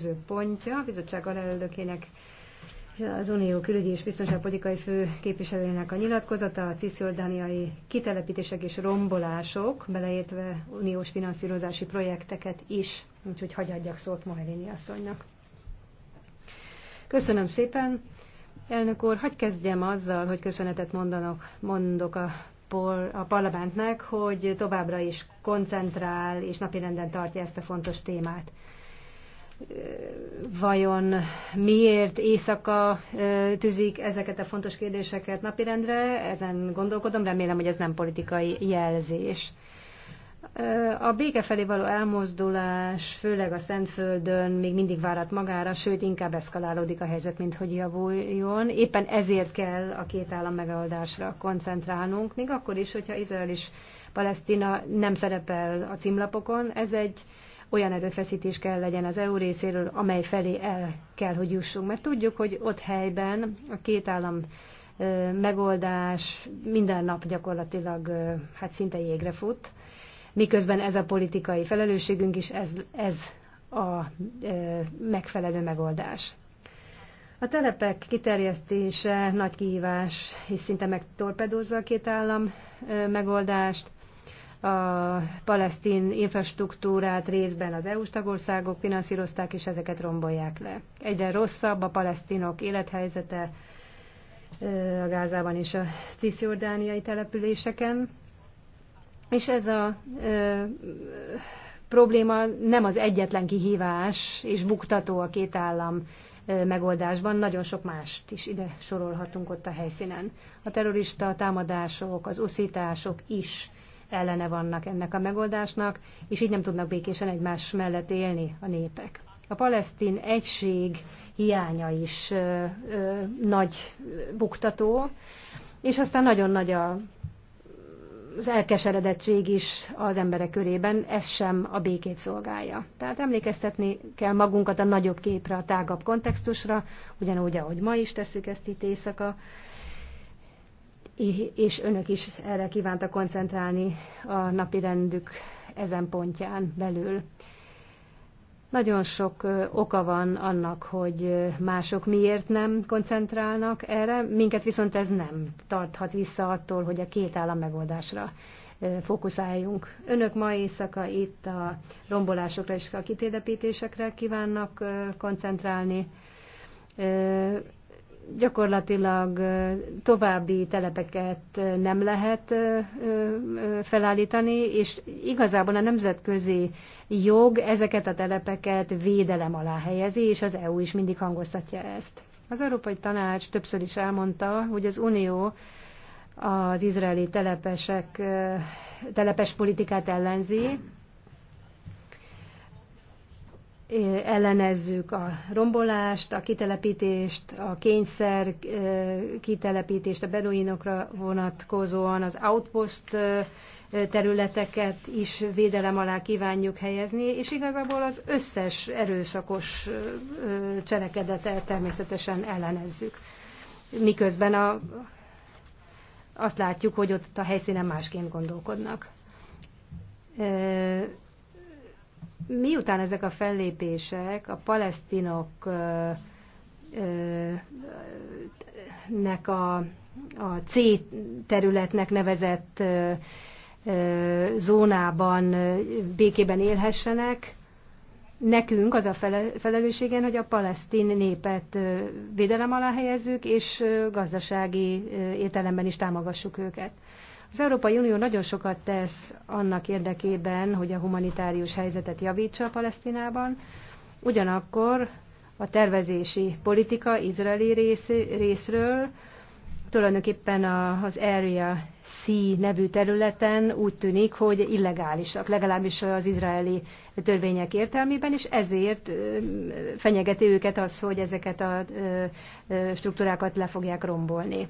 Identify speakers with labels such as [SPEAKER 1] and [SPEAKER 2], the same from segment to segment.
[SPEAKER 1] következő pontja a bizottság alelnökének az Unió külügyi és biztonságpolitikai fő képviselőjének a nyilatkozata a cisziordániai kitelepítések és rombolások, beleértve uniós finanszírozási projekteket is. Úgyhogy hagyadjak szót Mohelini asszonynak. Köszönöm szépen. Elnök úr, hagyj kezdjem azzal, hogy köszönetet mondanok, mondok a a parlamentnek, hogy továbbra is koncentrál és napirenden tartja ezt a fontos témát vajon miért éjszaka tűzik ezeket a fontos kérdéseket napirendre, ezen gondolkodom, remélem, hogy ez nem politikai jelzés. A béke felé való elmozdulás, főleg a Szentföldön még mindig várat magára, sőt, inkább eszkalálódik a helyzet, mint hogy javuljon. Éppen ezért kell a két állam megoldásra koncentrálnunk, még akkor is, hogyha Izrael és Palesztina nem szerepel a címlapokon. Ez egy olyan erőfeszítés kell legyen az EU részéről, amely felé el kell, hogy jussunk. Mert tudjuk, hogy ott helyben a két állam megoldás minden nap gyakorlatilag hát szinte jégre fut, miközben ez a politikai felelősségünk is, ez, ez a megfelelő megoldás. A telepek kiterjesztése nagy kihívás, és szinte megtorpedozza a két állam megoldást a palesztin infrastruktúrát részben az EU-s tagországok finanszírozták, és ezeket rombolják le. Egyre rosszabb a palesztinok élethelyzete a Gázában és a cisziordániai településeken, és ez a ö, probléma nem az egyetlen kihívás és buktató a két állam megoldásban, nagyon sok mást is ide sorolhatunk ott a helyszínen. A terrorista támadások, az uszítások is ellene vannak ennek a megoldásnak, és így nem tudnak békésen egymás mellett élni a népek. A palesztin egység hiánya is ö, ö, nagy buktató, és aztán nagyon nagy a, az elkeseredettség is az emberek körében, ez sem a békét szolgálja. Tehát emlékeztetni kell magunkat a nagyobb képre, a tágabb kontextusra, ugyanúgy, ahogy ma is tesszük ezt itt éjszaka, és önök is erre kívántak koncentrálni a napi rendük ezen pontján belül. Nagyon sok oka van annak, hogy mások miért nem koncentrálnak erre, minket viszont ez nem tarthat vissza attól, hogy a két állam megoldásra fókuszáljunk. Önök ma éjszaka itt a rombolásokra és a kitélepítésekre kívánnak koncentrálni gyakorlatilag további telepeket nem lehet felállítani, és igazából a nemzetközi jog ezeket a telepeket védelem alá helyezi, és az EU is mindig hangoztatja ezt. Az Európai Tanács többször is elmondta, hogy az Unió az izraeli telepesek, telepes politikát ellenzi, ellenezzük a rombolást, a kitelepítést, a kényszer kitelepítést a beduinokra vonatkozóan, az outpost területeket is védelem alá kívánjuk helyezni, és igazából az összes erőszakos cselekedetet természetesen ellenezzük. Miközben a, azt látjuk, hogy ott a helyszínen másként gondolkodnak miután ezek a fellépések a palesztinok nek a, a C területnek nevezett zónában békében élhessenek, nekünk az a felelősségen, hogy a palesztin népet védelem alá helyezzük, és gazdasági értelemben is támogassuk őket. Az Európai Unió nagyon sokat tesz annak érdekében, hogy a humanitárius helyzetet javítsa a Palesztinában, ugyanakkor a tervezési politika izraeli rész, részről tulajdonképpen a az Area C nevű területen úgy tűnik, hogy illegálisak, legalábbis az izraeli törvények értelmében, és ezért fenyegeti őket az, hogy ezeket a struktúrákat le fogják rombolni.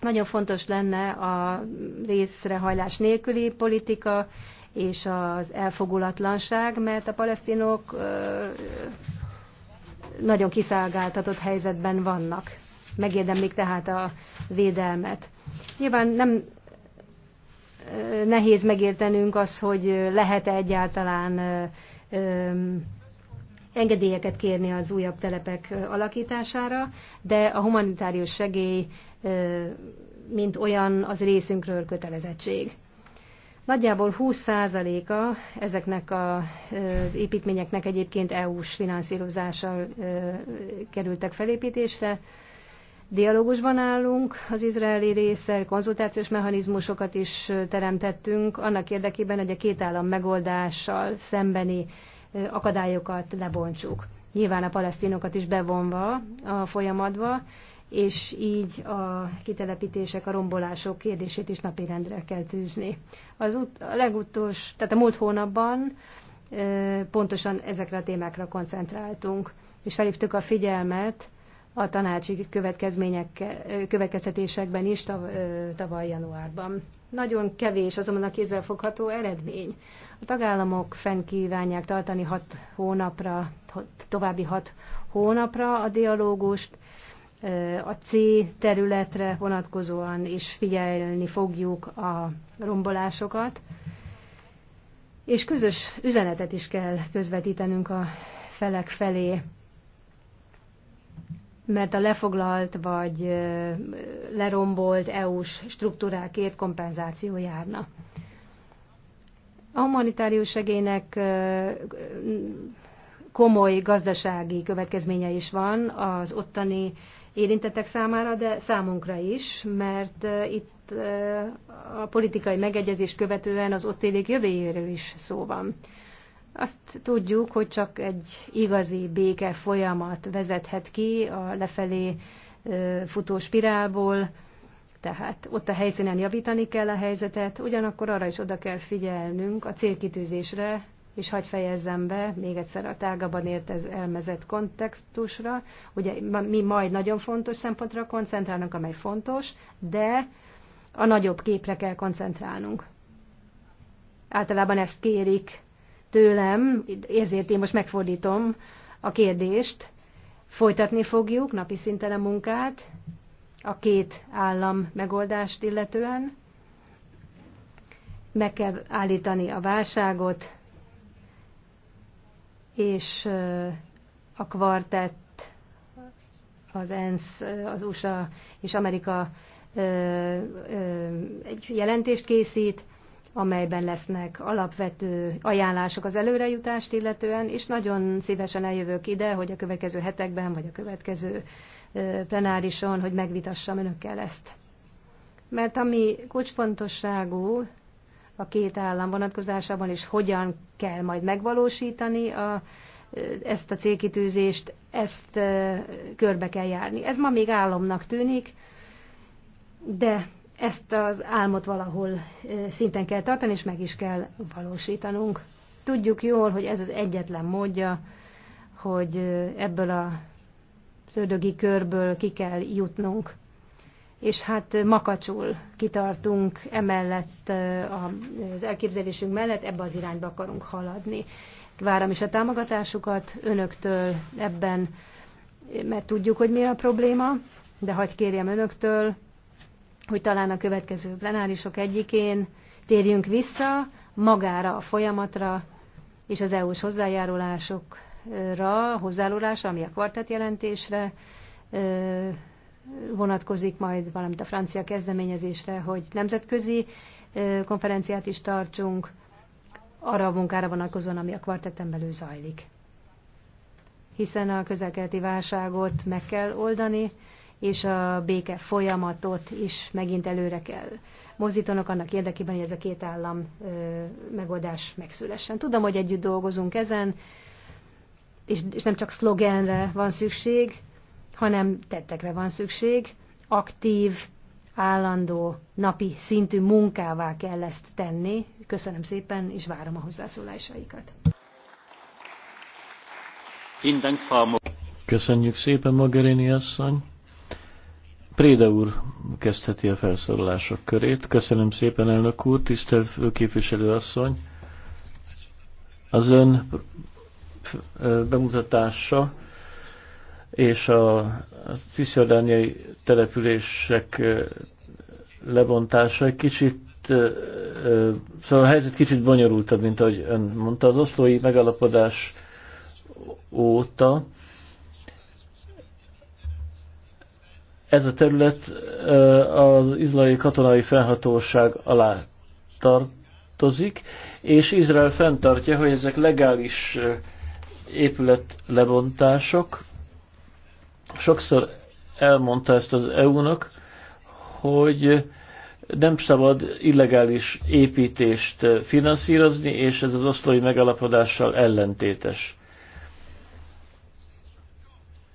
[SPEAKER 1] Nagyon fontos lenne a részrehajlás nélküli politika és az elfogulatlanság, mert a palesztinok nagyon kiszállgáltatott helyzetben vannak. Megérdemlik tehát a védelmet. Nyilván nem nehéz megértenünk az, hogy lehet-e egyáltalán engedélyeket kérni az újabb telepek alakítására, de a humanitárius segély, mint olyan, az részünkről kötelezettség. Nagyjából 20%-a ezeknek a, az építményeknek egyébként EU-s finanszírozással kerültek felépítésre. Dialógusban állunk az izraeli részsel, konzultációs mechanizmusokat is teremtettünk, annak érdekében, hogy a két állam megoldással szembeni akadályokat lebontsuk. Nyilván a palesztinokat is bevonva a folyamatba, és így a kitelepítések, a rombolások kérdését is napirendre kell tűzni. Az ut- a legutolsó, tehát a múlt hónapban pontosan ezekre a témákra koncentráltunk, és felhívtuk a figyelmet a tanácsi következmények, következtetésekben is tavaly januárban. Nagyon kevés azonban a fogható eredmény. A tagállamok fenn kívánják tartani hat hónapra, további hat hónapra a dialógust, a C területre vonatkozóan is figyelni fogjuk a rombolásokat, és közös üzenetet is kell közvetítenünk a felek felé mert a lefoglalt vagy lerombolt EU-s struktúrákért kompenzáció járna. A humanitárius segélynek komoly gazdasági következménye is van az ottani érintettek számára, de számunkra is, mert itt a politikai megegyezés követően az ott élők jövőjéről is szó van. Azt tudjuk, hogy csak egy igazi béke folyamat vezethet ki a lefelé futó spirálból, tehát ott a helyszínen javítani kell a helyzetet, ugyanakkor arra is oda kell figyelnünk a célkitűzésre, és hagy fejezzem be még egyszer a tágabban értelmezett kontextusra. Ugye mi majd nagyon fontos szempontra koncentrálunk, amely fontos, de a nagyobb képre kell koncentrálnunk. Általában ezt kérik tőlem, ezért én most megfordítom a kérdést. Folytatni fogjuk napi szinten a munkát a két állam megoldást illetően. Meg kell állítani a válságot, és a kvartett, az ENSZ, az USA és Amerika egy jelentést készít, amelyben lesznek alapvető ajánlások az előrejutást illetően, és nagyon szívesen eljövök ide, hogy a következő hetekben, vagy a következő plenárison, hogy megvitassam önökkel ezt. Mert ami kulcsfontosságú a két állam vonatkozásában, és hogyan kell majd megvalósítani a, ezt a célkitűzést, ezt körbe kell járni. Ez ma még államnak tűnik, de ezt az álmot valahol szinten kell tartani, és meg is kell valósítanunk. Tudjuk jól, hogy ez az egyetlen módja, hogy ebből a szördögi körből ki kell jutnunk. És hát makacsul kitartunk emellett az elképzelésünk mellett, ebbe az irányba akarunk haladni. Várom is a támogatásukat önöktől ebben, mert tudjuk, hogy mi a probléma, de hagyj kérjem önöktől, hogy talán a következő plenárisok egyikén térjünk vissza magára a folyamatra és az EU-s hozzájárulásokra, hozzájárulásra, ami a kvartett jelentésre vonatkozik majd, valamint a francia kezdeményezésre, hogy nemzetközi konferenciát is tartsunk arra a munkára vonatkozóan, ami a kvartetten belül zajlik. Hiszen a közelkeleti válságot meg kell oldani, és a béke folyamatot is megint előre kell mozdítanak annak érdekében, hogy ez a két állam megoldás megszülessen. Tudom, hogy együtt dolgozunk ezen, és, és nem csak szlogenre van szükség, hanem tettekre van szükség, aktív, állandó, napi szintű munkává kell ezt tenni. Köszönöm szépen, és várom a hozzászólásaikat.
[SPEAKER 2] Köszönjük szépen, Magarini asszony! Préda úr kezdheti a felszólalások körét. Köszönöm szépen, elnök úr, tisztelt főképviselő asszony. Az ön bemutatása és a cisziordániai települések lebontása egy kicsit, szóval a helyzet kicsit bonyolultabb, mint ahogy ön mondta. Az oszlói megalapodás óta Ez a terület az izraeli katonai fennhatóság alá tartozik, és Izrael fenntartja, hogy ezek legális épületlebontások. Sokszor elmondta ezt az EU-nak, hogy nem szabad illegális építést finanszírozni, és ez az oszlói megalapodással ellentétes.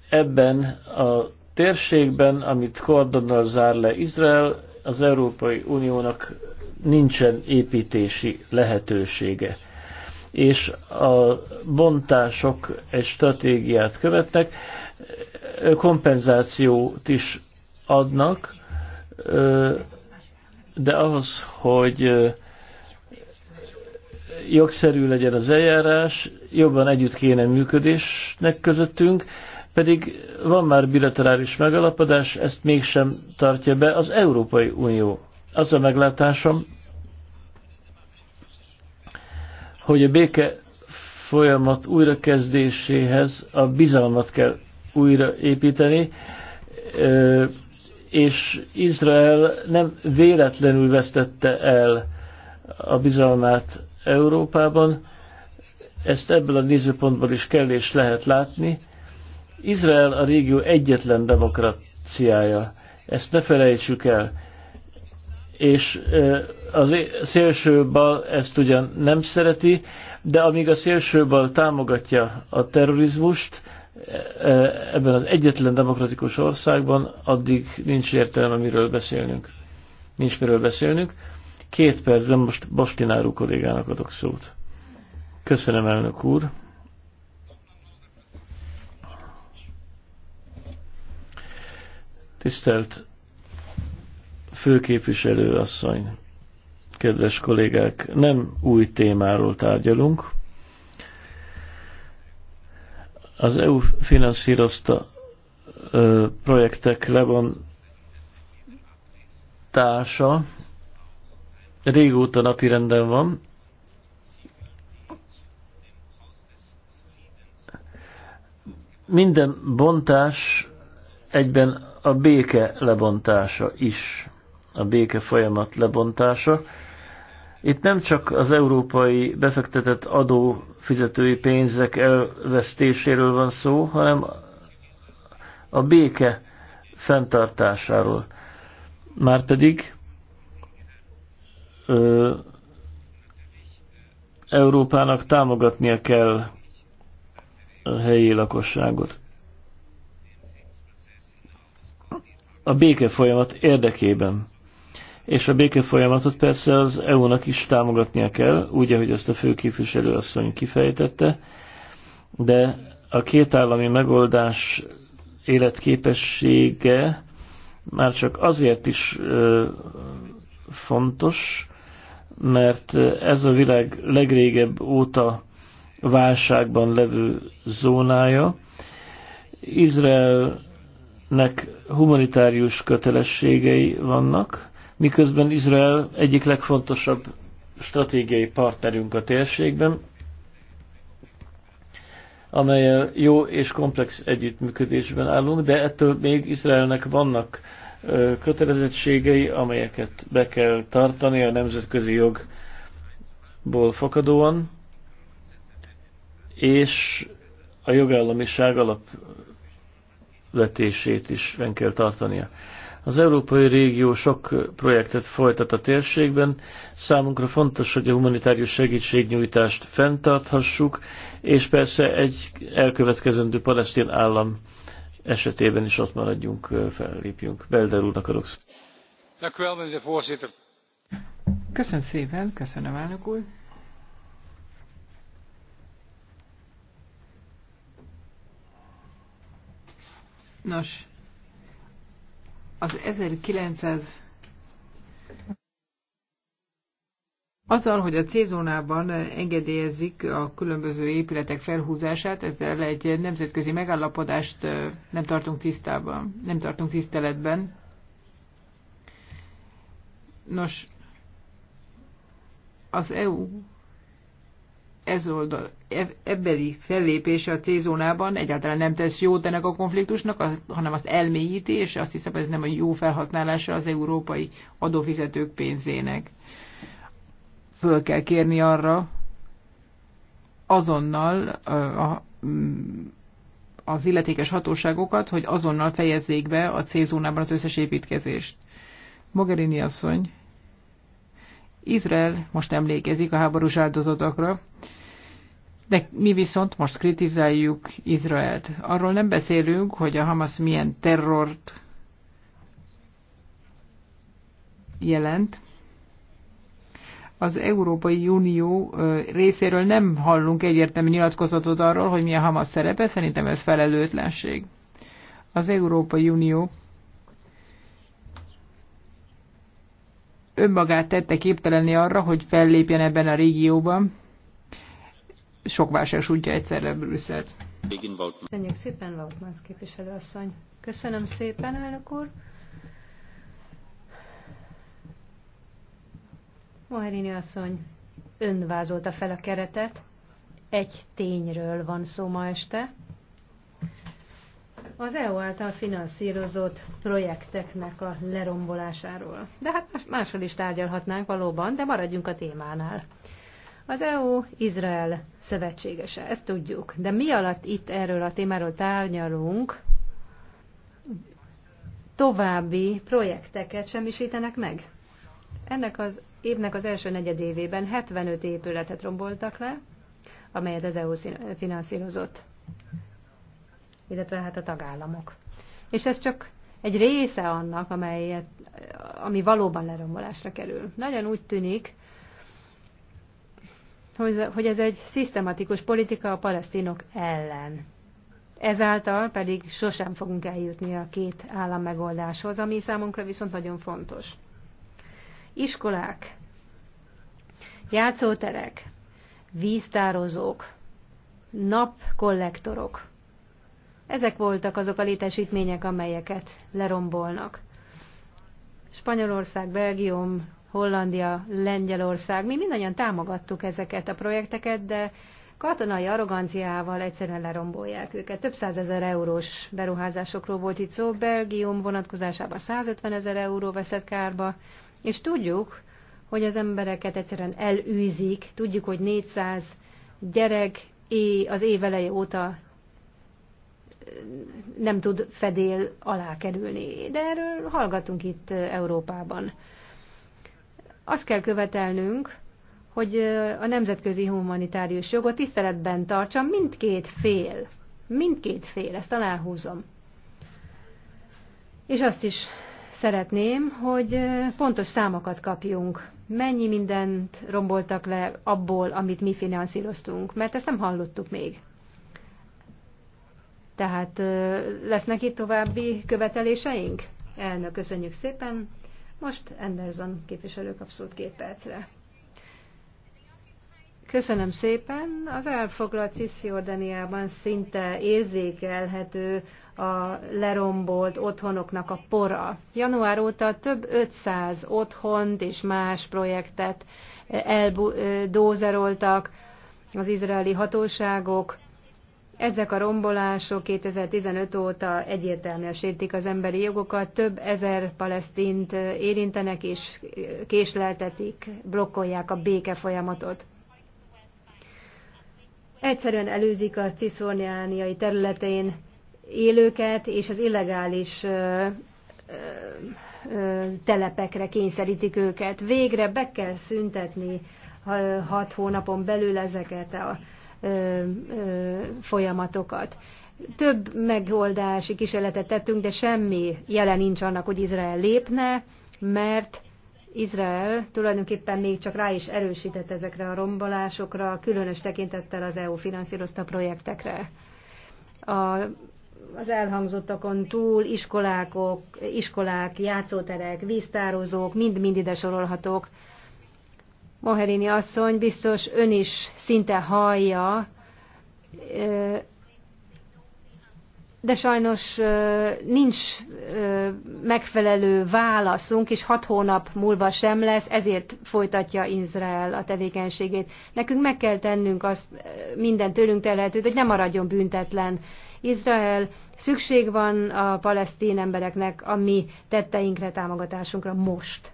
[SPEAKER 2] Ebben a térségben, amit Kordonnal zár le Izrael, az Európai Uniónak nincsen építési lehetősége. És a bontások egy stratégiát követnek, kompenzációt is adnak, de ahhoz, hogy jogszerű legyen az eljárás, jobban együtt kéne működésnek közöttünk, pedig van már bilaterális megalapodás, ezt mégsem tartja be az Európai Unió. Az a meglátásom, hogy a béke folyamat újrakezdéséhez a bizalmat kell újraépíteni, és Izrael nem véletlenül vesztette el a bizalmát Európában, ezt ebből a nézőpontból is kell és lehet látni, Izrael a régió egyetlen demokráciája. Ezt ne felejtsük el. És a szélső bal ezt ugyan nem szereti, de amíg a szélső bal támogatja a terrorizmust, ebben az egyetlen demokratikus országban, addig nincs értelme miről beszélnünk. Nincs miről beszélnünk. Két percben most Bastináró kollégának adok szót. Köszönöm, elnök úr! Tisztelt főképviselő asszony, kedves kollégák, nem új témáról tárgyalunk. Az EU finanszírozta ö, projektek levontása régóta napirenden van. Minden bontás egyben a béke lebontása is, a béke folyamat lebontása. Itt nem csak az európai befektetett adófizetői pénzek elvesztéséről van szó, hanem a béke fenntartásáról. Márpedig ö, Európának támogatnia kell a helyi lakosságot. a béke folyamat érdekében. És a béke folyamatot persze az EU-nak is támogatnia kell, úgy, ahogy ezt a főképviselő asszony kifejtette, de a két állami megoldás életképessége már csak azért is ö, fontos, mert ez a világ legrégebb óta válságban levő zónája. Izrael nek humanitárius kötelességei vannak, miközben Izrael egyik legfontosabb stratégiai partnerünk a térségben, amelyel jó és komplex együttműködésben állunk, de ettől még Izraelnek vannak kötelezettségei, amelyeket be kell tartani a nemzetközi jogból fakadóan, és a jogállamiság alap vetését is fenn kell tartania. Az európai régió sok projektet folytat a térségben, számunkra fontos, hogy a humanitárius segítségnyújtást fenntarthassuk, és persze egy elkövetkezendő palesztin állam esetében is ott maradjunk, fellépjünk. Belder úrnak adok
[SPEAKER 3] Köszönöm szépen, köszönöm elnök úr. Nos, az 1900 Azzal, hogy a C-zónában engedélyezik a különböző épületek felhúzását, ezzel egy nemzetközi megállapodást nem tartunk tisztában, nem tartunk tiszteletben. Nos, az EU ez oldal, e, ebbeli fellépése a C-zónában egyáltalán nem tesz jót ennek a konfliktusnak, hanem azt elmélyíti, és azt hiszem ez nem a jó felhasználása az európai adófizetők pénzének. Föl kell kérni arra azonnal a, mm, az illetékes hatóságokat, hogy azonnal fejezzék be a C-zónában az összes építkezést. Mogherini asszony, Izrael most emlékezik a háborús áldozatokra, de mi viszont most kritizáljuk Izraelt. Arról nem beszélünk, hogy a Hamas milyen terrort jelent. Az Európai Unió részéről nem hallunk egyértelmű nyilatkozatot arról, hogy milyen Hamas szerepe, szerintem ez felelőtlenség. Az Európai Unió önmagát tette képtelenni arra, hogy fellépjen ebben a régióban. Sok vásárs útja egyszerre Brüsszelt.
[SPEAKER 1] Köszönjük szépen, Vautmans képviselőasszony. Köszönöm szépen, elnök úr. Moherini asszony, ön vázolta fel a keretet. Egy tényről van szó ma este az EU által finanszírozott projekteknek a lerombolásáról. De hát máshol is tárgyalhatnánk valóban, de maradjunk a témánál. Az EU Izrael szövetségese, ezt tudjuk. De mi alatt itt erről a témáról tárgyalunk, további projekteket semmisítenek meg? Ennek az évnek az első negyedévében 75 épületet romboltak le, amelyet az EU finanszírozott illetve hát a tagállamok. És ez csak egy része annak, amelyet, ami valóban lerombolásra kerül. Nagyon úgy tűnik, hogy ez egy szisztematikus politika a palesztinok ellen. Ezáltal pedig sosem fogunk eljutni a két állam megoldáshoz, ami számunkra viszont nagyon fontos. Iskolák, játszóterek, víztározók, napkollektorok, ezek voltak azok a létesítmények, amelyeket lerombolnak. Spanyolország, Belgium, Hollandia, Lengyelország, mi mindannyian támogattuk ezeket a projekteket, de katonai arroganciával egyszerűen lerombolják őket. Több százezer eurós beruházásokról volt itt szó, Belgium vonatkozásában 150 ezer euró veszett kárba, és tudjuk, hogy az embereket egyszerűen elűzik, tudjuk, hogy 400 gyerek az éveleje óta nem tud fedél alá kerülni. De erről hallgatunk itt Európában. Azt kell követelnünk, hogy a nemzetközi humanitárius jogot tiszteletben tartsa mindkét fél. Mindkét fél, ezt aláhúzom. És azt is szeretném, hogy pontos számokat kapjunk. Mennyi mindent romboltak le abból, amit mi finanszíroztunk, mert ezt nem hallottuk még. Tehát lesznek itt további követeléseink? Elnök, köszönjük szépen. Most Anderson képviselő kap két percre. Köszönöm szépen. Az elfoglalt Cisziordaniában szinte érzékelhető a lerombolt otthonoknak a pora. Január óta több 500 otthont és más projektet eldózeroltak az izraeli hatóságok, ezek a rombolások 2015 óta egyértelműen sértik az emberi jogokat, több ezer palesztint érintenek és késleltetik, blokkolják a béke folyamatot. Egyszerűen előzik a ciszorniániai területén élőket, és az illegális ö, ö, telepekre kényszerítik őket. Végre be kell szüntetni hat hónapon belül ezeket a folyamatokat. Több megoldási kísérletet tettünk, de semmi jelen nincs annak, hogy Izrael lépne, mert Izrael tulajdonképpen még csak rá is erősített ezekre a rombolásokra, különös tekintettel az EU finanszírozta projektekre. A, az elhangzottakon túl iskolákok, iskolák, játszóterek, víztározók mind-mind ide sorolhatók, Moherini asszony, biztos ön is szinte hallja, de sajnos nincs megfelelő válaszunk, és hat hónap múlva sem lesz, ezért folytatja Izrael a tevékenységét. Nekünk meg kell tennünk azt minden tőlünk telhetőt, hogy ne maradjon büntetlen Izrael. Szükség van a palesztin embereknek a mi tetteinkre, támogatásunkra most.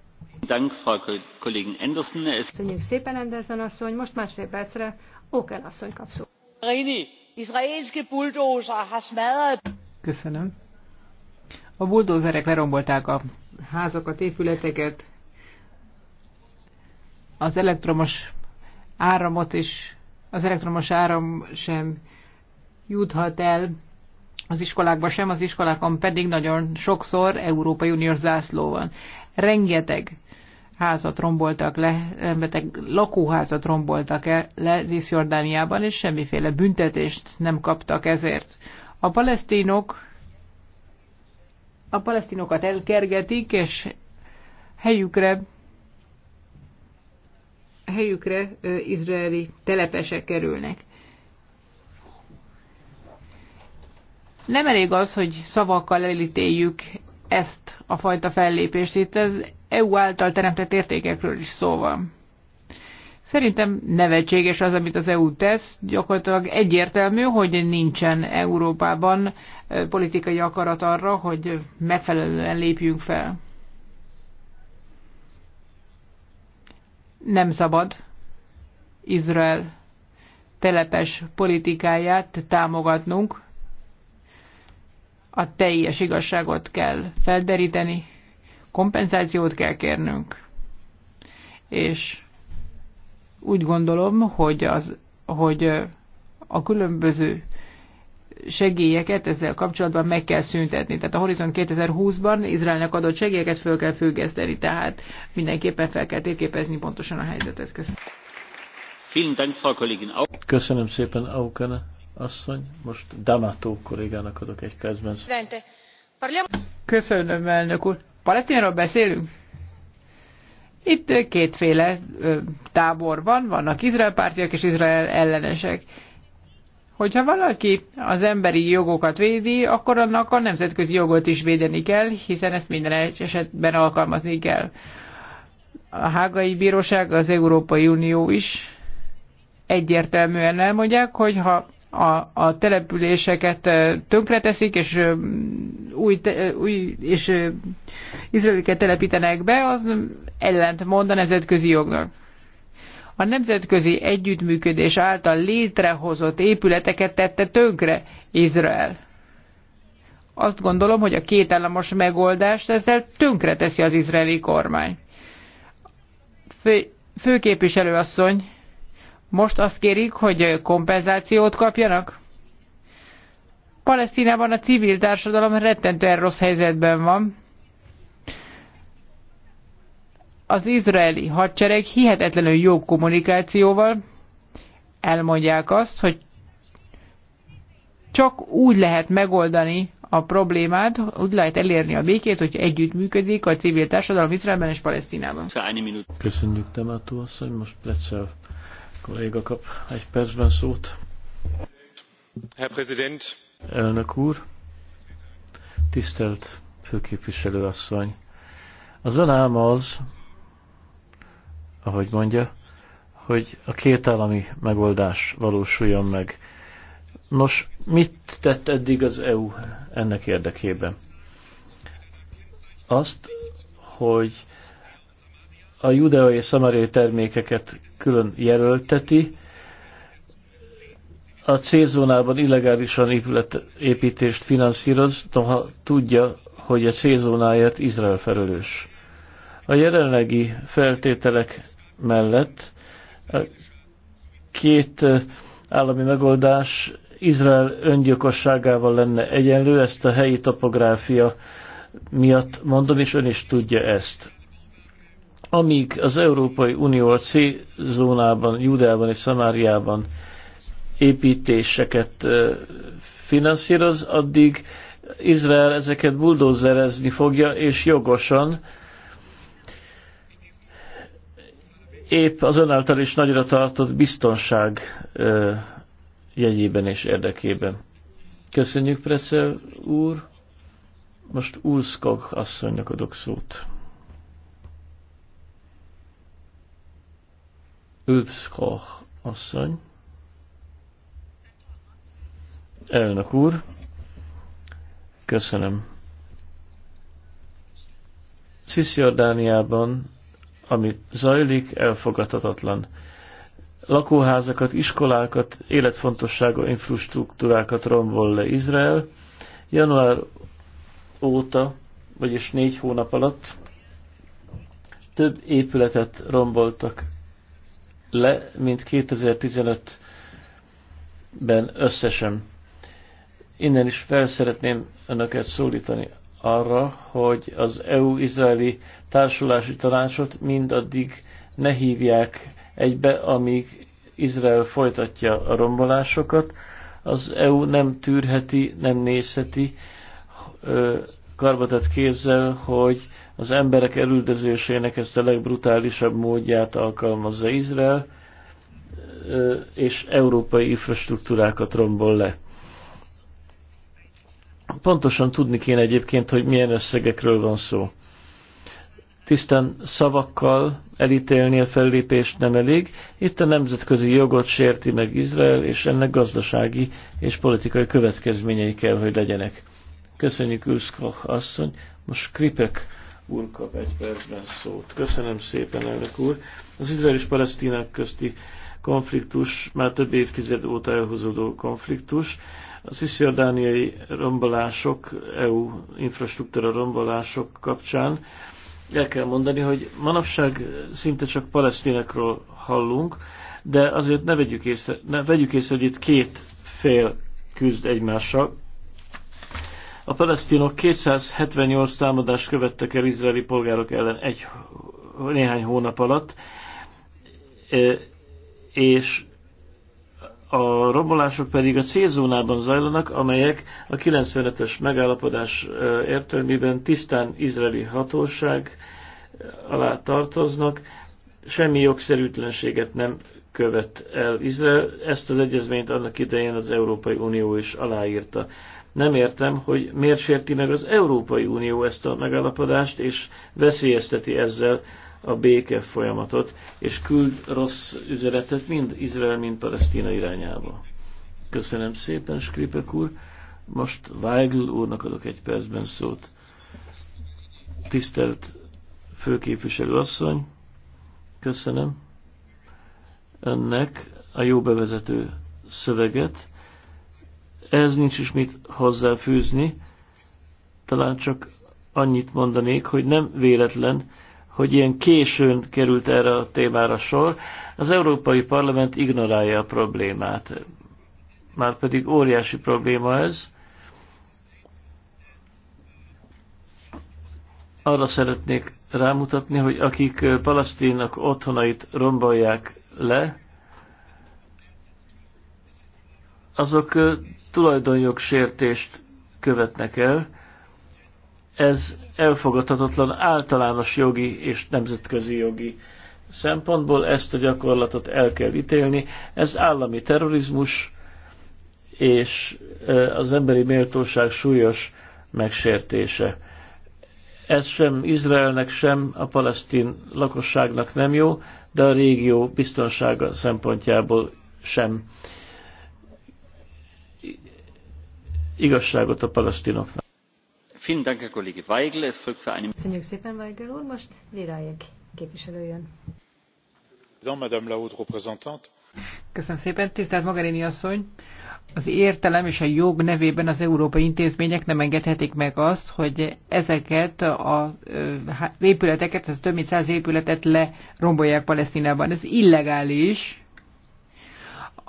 [SPEAKER 1] Köszönjük szépen, Most másfél percre
[SPEAKER 3] Köszönöm. A buldózerek lerombolták a házakat, épületeket, az elektromos áramot is, az elektromos áram sem juthat el az iskolákba sem, az iskolákon pedig nagyon sokszor Európai Uniós zászló van. Rengeteg házat romboltak le, rengeteg lakóházat romboltak el, le Díszjordániában, és semmiféle büntetést nem kaptak ezért. A palesztinok a palesztinokat elkergetik, és helyükre helyükre izraeli telepesek kerülnek. Nem elég az, hogy szavakkal elítéljük ezt a fajta fellépést. Itt ez EU által teremtett értékekről is szó van. Szerintem nevetséges az, amit az EU tesz. Gyakorlatilag egyértelmű, hogy nincsen Európában e, politikai akarat arra, hogy megfelelően lépjünk fel. Nem szabad Izrael telepes politikáját támogatnunk. A teljes igazságot kell felderíteni kompenzációt kell kérnünk, és úgy gondolom, hogy, az, hogy a különböző segélyeket ezzel kapcsolatban meg kell szüntetni. Tehát a Horizon 2020-ban Izraelnek adott segélyeket föl kell függeszteni, tehát mindenképpen fel kell térképezni pontosan a helyzetet. Köszönöm.
[SPEAKER 2] Köszönöm szépen, Aukana asszony. Most Damato kollégának adok egy percben. Köszönöm, elnök úr. Palesztinról beszélünk?
[SPEAKER 3] Itt kétféle tábor van, vannak izrael pártiak és izrael ellenesek. Hogyha valaki az emberi jogokat védi, akkor annak a nemzetközi jogot is védeni kell, hiszen ezt minden esetben alkalmazni kell. A Hágai Bíróság, az Európai Unió is egyértelműen elmondják, hogy ha a, a településeket tönkreteszik, és új, te, új és izraeliket telepítenek be, az ellent mond a nemzetközi jognak. A nemzetközi együttműködés által létrehozott épületeket tette tönkre Izrael. Azt gondolom, hogy a két államos megoldást ezzel tönkreteszi az izraeli kormány. Fő, asszony, most azt kérik, hogy kompenzációt kapjanak? Palesztinában a civil társadalom rettentően rossz helyzetben van. Az izraeli hadsereg hihetetlenül jó kommunikációval elmondják azt, hogy csak úgy lehet megoldani a problémát, úgy lehet elérni a békét, hogy együttműködik a civil társadalom Izraelben és Palesztinában.
[SPEAKER 2] Köszönjük, Temátó asszony, most Pretzel kap egy Herr Präsident! Elnök úr! Tisztelt főképviselő asszony! Az ön álma az, ahogy mondja, hogy a két állami megoldás valósuljon meg. Nos, mit tett eddig az EU ennek érdekében? Azt, hogy a judeai és szamariai termékeket külön jelölteti, a C-zónában illegálisan épület, építést finanszíroz, noha tudja, hogy a c Izrael felelős. A jelenlegi feltételek mellett a két állami megoldás Izrael öngyilkosságával lenne egyenlő, ezt a helyi topográfia miatt mondom, és ön is tudja ezt amíg az Európai Unió a C zónában, Judában és Szamáriában építéseket finanszíroz, addig Izrael ezeket buldózerezni fogja, és jogosan épp az önáltal is nagyra tartott biztonság jegyében és érdekében. Köszönjük, Preszel úr! Most Úrszkog asszonynak adok szót. Ülpszkoch asszony. Elnök úr, köszönöm. Cisziordániában, ami zajlik, elfogadhatatlan. Lakóházakat, iskolákat, életfontosságú infrastruktúrákat rombol le Izrael. Január óta, vagyis négy hónap alatt több épületet romboltak le, mint 2015-ben összesen. Innen is fel szeretném önöket szólítani arra, hogy az EU-izraeli társulási tanácsot mindaddig ne hívják egybe, amíg Izrael folytatja a rombolásokat. Az EU nem tűrheti, nem nézheti, karbatett kézzel, hogy az emberek elüldözésének ezt a legbrutálisabb módját alkalmazza Izrael, és európai infrastruktúrákat rombol le. Pontosan tudni kéne egyébként, hogy milyen összegekről van szó. Tisztán szavakkal elítélni a fellépést nem elég. Itt a nemzetközi jogot sérti meg Izrael, és ennek gazdasági és politikai következményei kell, hogy legyenek. Köszönjük, Ülszkoch asszony. Most Kripek úr kap egy percben szót. Köszönöm szépen, elnök úr. Az Izrael és Palesztinák közti konfliktus, már több évtized óta elhúzódó konfliktus. A sziszjordániai rombolások, EU infrastruktúra rombolások kapcsán el kell mondani, hogy manapság szinte csak palesztinekről hallunk, de azért ne vegyük észre, ne vegyük észre hogy itt két fél küzd egymással, a palesztinok 278 támadást követtek el izraeli polgárok ellen egy néhány hónap alatt, e, és a rombolások pedig a C-zónában zajlanak, amelyek a 95 es megállapodás e, értelmében tisztán izraeli hatóság alá tartoznak, semmi jogszerűtlenséget nem követ el Izrael. Ezt az egyezményt annak idején az Európai Unió is aláírta nem értem, hogy miért sérti meg az Európai Unió ezt a megállapodást, és veszélyezteti ezzel a béke folyamatot, és küld rossz üzenetet mind Izrael, mind Palesztina irányába. Köszönöm szépen, Skripek úr. Most Weigl úrnak adok egy percben szót. Tisztelt főképviselő asszony, köszönöm önnek a jó bevezető szöveget, ez nincs is mit hozzáfűzni, talán csak annyit mondanék, hogy nem véletlen, hogy ilyen későn került erre a témára sor. Az Európai Parlament ignorálja a problémát. Márpedig óriási probléma ez. Arra szeretnék rámutatni, hogy akik palasztinak otthonait rombolják le, azok tulajdonjogsértést követnek el. Ez elfogadhatatlan általános jogi és nemzetközi jogi szempontból, ezt a gyakorlatot el kell ítélni. Ez állami terrorizmus és az emberi méltóság súlyos megsértése. Ez sem Izraelnek, sem a palesztin lakosságnak nem jó, de a régió biztonsága szempontjából sem igazságot a palesztinoknak. Köszönjük
[SPEAKER 1] szépen, Weigel úr. Most Lirájék képviselő jön.
[SPEAKER 3] Köszönöm szépen, tisztelt Magarini asszony! Az értelem és a jog nevében az európai intézmények nem engedhetik meg azt, hogy ezeket az épületeket, ez több mint száz épületet lerombolják Palesztinában. Ez illegális,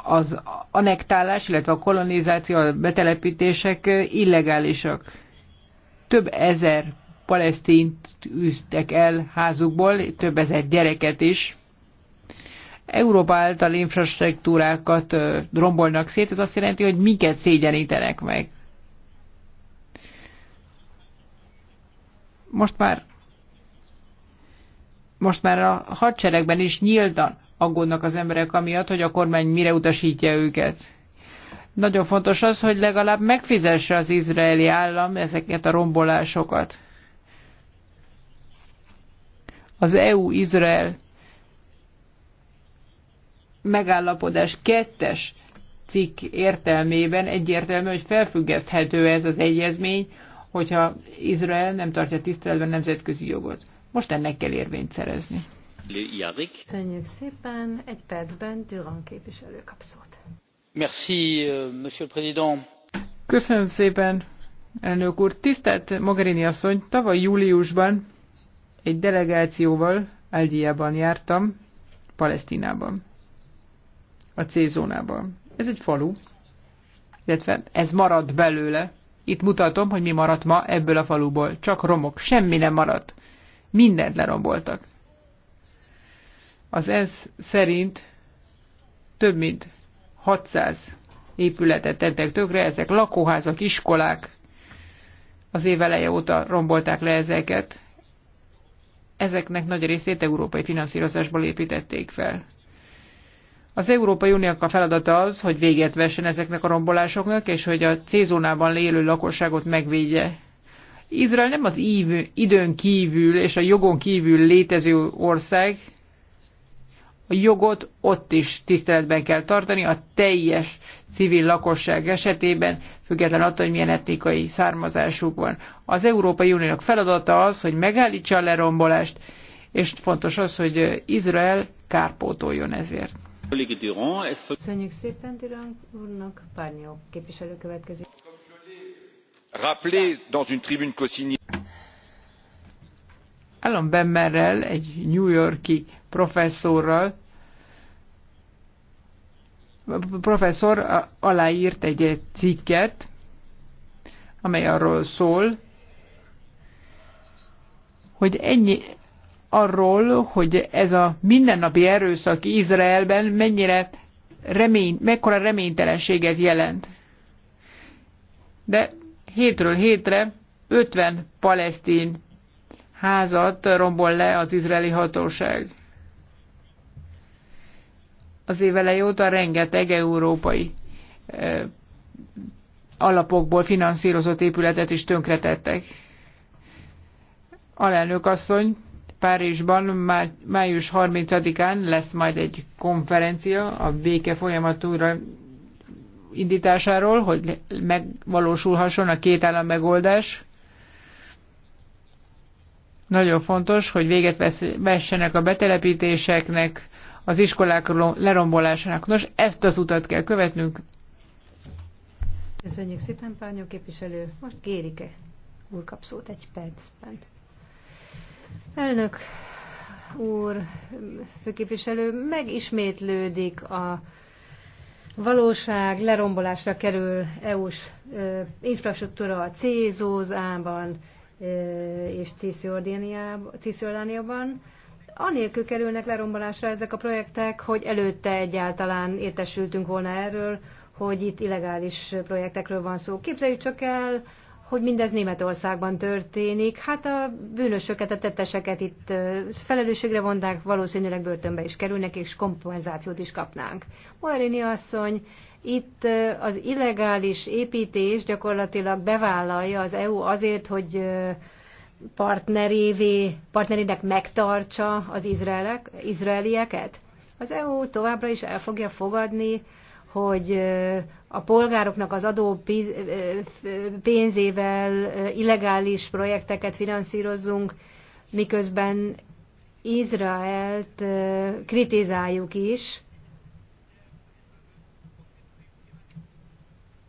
[SPEAKER 3] az anektálás, illetve a kolonizáció, a betelepítések illegálisak. Több ezer palesztint üztek el házukból, több ezer gyereket is. Európa által infrastruktúrákat rombolnak szét, ez azt jelenti, hogy minket szégyenítenek meg. Most már most már a hadseregben is nyíltan aggódnak az emberek amiatt, hogy a kormány mire utasítja őket. Nagyon fontos az, hogy legalább megfizesse az izraeli állam ezeket a rombolásokat. Az EU-Izrael megállapodás kettes cikk értelmében egyértelmű, hogy felfüggeszthető ez az egyezmény, hogyha Izrael nem tartja tiszteletben nemzetközi jogot. Most ennek kell érvényt szerezni.
[SPEAKER 1] Köszönjük szépen. Egy percben Durand képviselő kap szót. Merci, euh, monsieur le président.
[SPEAKER 3] Köszönöm szépen, elnök úr. Tisztelt Mogherini asszony, tavaly júliusban egy delegációval Algiában jártam, Palesztinában, a C-zónában. Ez egy falu, illetve ez maradt belőle. Itt mutatom, hogy mi maradt ma ebből a faluból. Csak romok, semmi nem maradt. Mindent leromboltak. Az ENSZ szerint több mint 600 épületet tettek tökre, ezek lakóházak, iskolák, az év eleje óta rombolták le ezeket. Ezeknek nagy részét európai finanszírozásból építették fel. Az Európai Uniónak a feladata az, hogy véget vessen ezeknek a rombolásoknak, és hogy a C-zónában élő lakosságot megvédje. Izrael nem az ív, időn kívül és a jogon kívül létező ország, a jogot ott is tiszteletben kell tartani, a teljes civil lakosság esetében, független attól, hogy milyen etnikai származásuk van. Az Európai Uniónak feladata az, hogy megállítsa a lerombolást, és fontos az, hogy Izrael kárpótoljon ezért.
[SPEAKER 1] Köszönjük szépen Durand úrnak, Párnyó képviselő következik.
[SPEAKER 3] dans une tribune cosignée Alan Bemmerrel, egy New Yorki professzorral, professzor aláírt egy cikket, amely arról szól, hogy ennyi arról, hogy ez a mindennapi erőszak Izraelben mennyire remény, mekkora reménytelenséget jelent. De hétről hétre 50 palesztin házat rombol le az izraeli hatóság. Az év óta rengeteg európai alapokból finanszírozott épületet is tönkretettek. Alelnök asszony, Párizsban már május 30-án lesz majd egy konferencia a béke folyamatúra indításáról, hogy megvalósulhasson a két állam megoldás. Nagyon fontos, hogy véget vessenek a betelepítéseknek, az iskolák lerombolásának. Nos, ezt az utat kell követnünk.
[SPEAKER 1] Köszönjük szépen, párnyó képviselő. Most Gérike úr kap szót egy percben. Elnök úr, főképviselő, megismétlődik a valóság, lerombolásra kerül EU-s infrastruktúra a cézózában, és Cisziordániában. anélkül kerülnek lerombolásra ezek a projektek, hogy előtte egyáltalán értesültünk volna erről, hogy itt illegális projektekről van szó. Képzeljük csak el, hogy mindez Németországban történik. Hát a bűnösöket, a tetteseket itt felelősségre vonták, valószínűleg börtönbe is kerülnek, és kompenzációt is kapnánk. Moerini asszony itt az illegális építés gyakorlatilag bevállalja az EU azért, hogy partnerévé, partnerének megtartsa az izraelek, izraelieket. Az EU továbbra is el fogja fogadni, hogy a polgároknak az adó pénzével illegális projekteket finanszírozzunk, miközben Izraelt kritizáljuk is,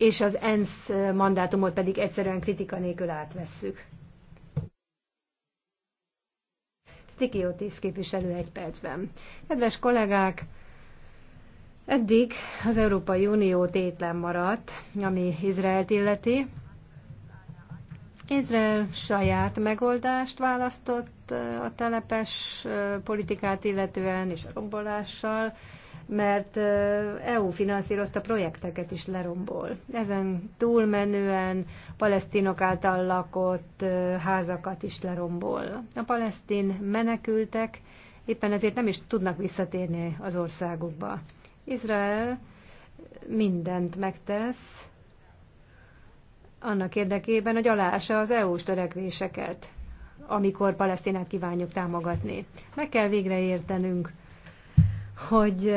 [SPEAKER 1] és az ENSZ mandátumot pedig egyszerűen kritika nélkül átvesszük. Stikiotis képviselő egy percben. Kedves kollégák, eddig az Európai Unió tétlen maradt, ami Izraelt illeti. Izrael saját megoldást választott a telepes politikát illetően és a rombolással, mert eh, EU finanszírozta projekteket is lerombol. Ezen túlmenően palesztinok által lakott eh, házakat is lerombol. A palesztin menekültek éppen ezért nem is tudnak visszatérni az országukba. Izrael mindent megtesz annak érdekében, hogy alása az EU-s törekvéseket, amikor Palesztinát kívánjuk támogatni. Meg kell végre értenünk, hogy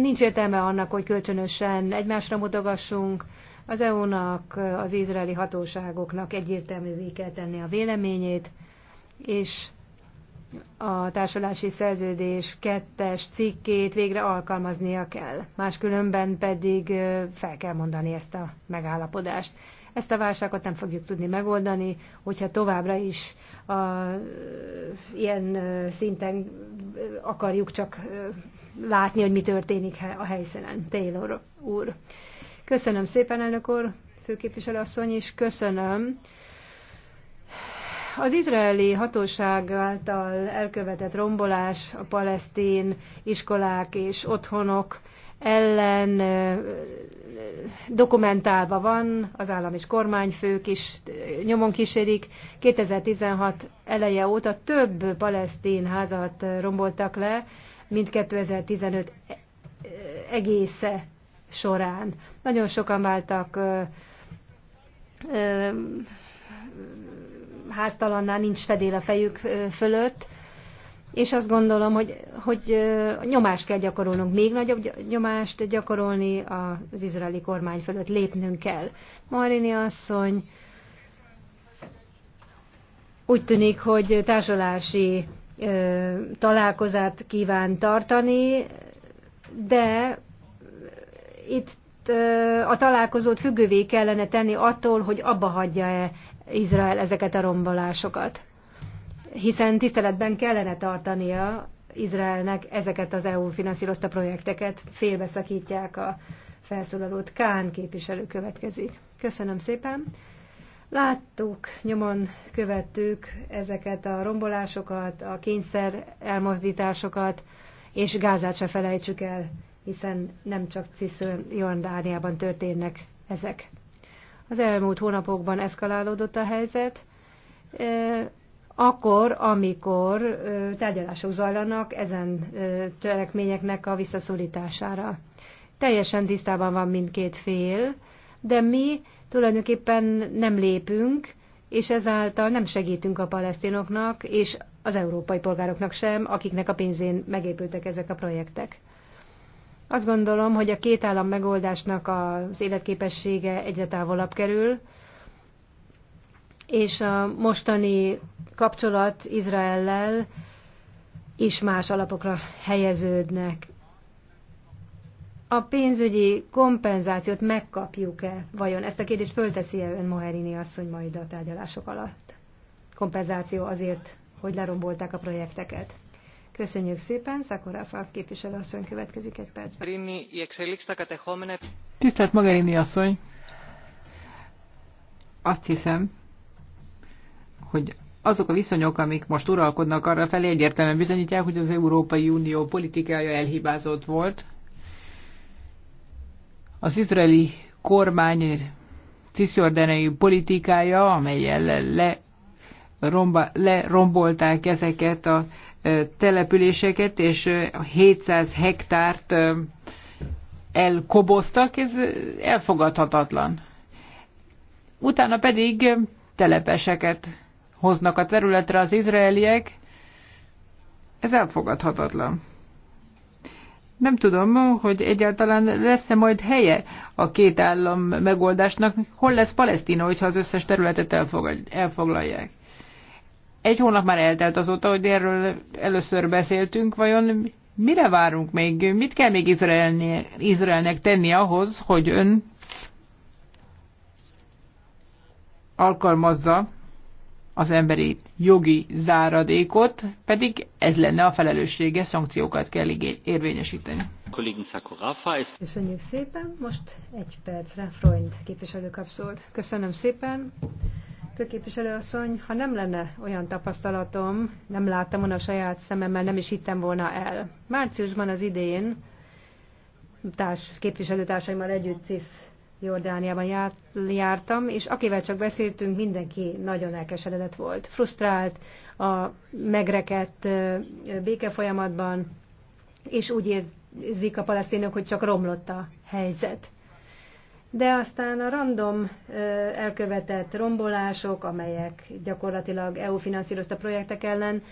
[SPEAKER 1] nincs értelme annak, hogy kölcsönösen egymásra mutogassunk. Az EU-nak, az izraeli hatóságoknak egyértelművé kell tenni a véleményét, és a társulási szerződés kettes cikkét végre alkalmaznia kell. Máskülönben pedig fel kell mondani ezt a megállapodást. Ezt a válságot nem fogjuk tudni megoldani, hogyha továbbra is a, ilyen szinten akarjuk csak látni, hogy mi történik a helyszínen. Taylor úr. Köszönöm szépen, elnök úr, főképviselő asszony és köszönöm az izraeli hatóság által elkövetett rombolás, a palesztin iskolák és otthonok ellen dokumentálva van, az állam és kormányfők is nyomon kísérik. 2016 eleje óta több palesztin házat romboltak le, mint 2015 e, egésze során. Nagyon sokan váltak háztalannál, nincs fedél a fejük fölött, és azt gondolom, hogy, hogy nyomást kell gyakorolnunk, még nagyobb nyomást gyakorolni az izraeli kormány fölött, lépnünk kell. Marini asszony úgy tűnik, hogy társulási találkozát kíván tartani, de itt a találkozót függővé kellene tenni attól, hogy abba hagyja-e Izrael ezeket a rombolásokat hiszen tiszteletben kellene tartania Izraelnek ezeket az EU finanszírozta projekteket, félbeszakítják a felszólalót. Kán képviselő következik. Köszönöm szépen. Láttuk, nyomon követtük ezeket a rombolásokat, a kényszer elmozdításokat, és Gázát se felejtsük el, hiszen nem csak Cisjordániában történnek ezek. Az elmúlt hónapokban eszkalálódott a helyzet, akkor, amikor tárgyalások zajlanak ezen törekményeknek a visszaszorítására. Teljesen tisztában van mindkét fél, de mi tulajdonképpen nem lépünk, és ezáltal nem segítünk a palesztinoknak, és az európai polgároknak sem, akiknek a pénzén megépültek ezek a projektek. Azt gondolom, hogy a két állam megoldásnak az életképessége egyre távolabb kerül, és a mostani kapcsolat Izraellel is más alapokra helyeződnek. A pénzügyi kompenzációt megkapjuk-e vajon? Ezt a kérdést fölteszi-e ön Moherini asszony majd a tárgyalások alatt? Kompenzáció azért, hogy lerombolták a projekteket. Köszönjük szépen, Szakoráfa képviselő asszony következik egy perc.
[SPEAKER 3] Tisztelt Magarini asszony! Azt hiszem, hogy azok a viszonyok, amik most uralkodnak arra felé, egyértelműen bizonyítják, hogy az Európai Unió politikája elhibázott volt. Az izraeli kormány cisjordanai politikája, amelyel le, romba, lerombolták ezeket a e, településeket, és 700 e, hektárt e, elkoboztak, ez elfogadhatatlan. Utána pedig telepeseket hoznak a területre az izraeliek, ez elfogadhatatlan. Nem tudom, hogy egyáltalán lesz-e majd helye a két állam megoldásnak, hol lesz Palesztina, hogyha az összes területet elfoglalják. Egy hónap már eltelt azóta, hogy erről először beszéltünk, vajon mire várunk még, mit kell még Izraelnek, tenni ahhoz, hogy ön alkalmazza az emberi jogi záradékot, pedig ez lenne a felelőssége, szankciókat kell érvényesíteni.
[SPEAKER 1] Köszönjük szépen, most egy percre Freund képviselő kap Köszönöm szépen. Főképviselő asszony, ha nem lenne olyan tapasztalatom, nem láttam volna a saját szememmel, nem is hittem volna el. Márciusban az idén társ, képviselőtársaimmal együtt CISZ Jordániában járt, jártam, és akivel csak beszéltünk, mindenki nagyon elkeseredett volt. Frusztrált, a megrekedt béke folyamatban, és úgy érzik a palesztinok, hogy csak romlott a helyzet. De aztán a random elkövetett rombolások, amelyek gyakorlatilag EU finanszírozta projektek ellen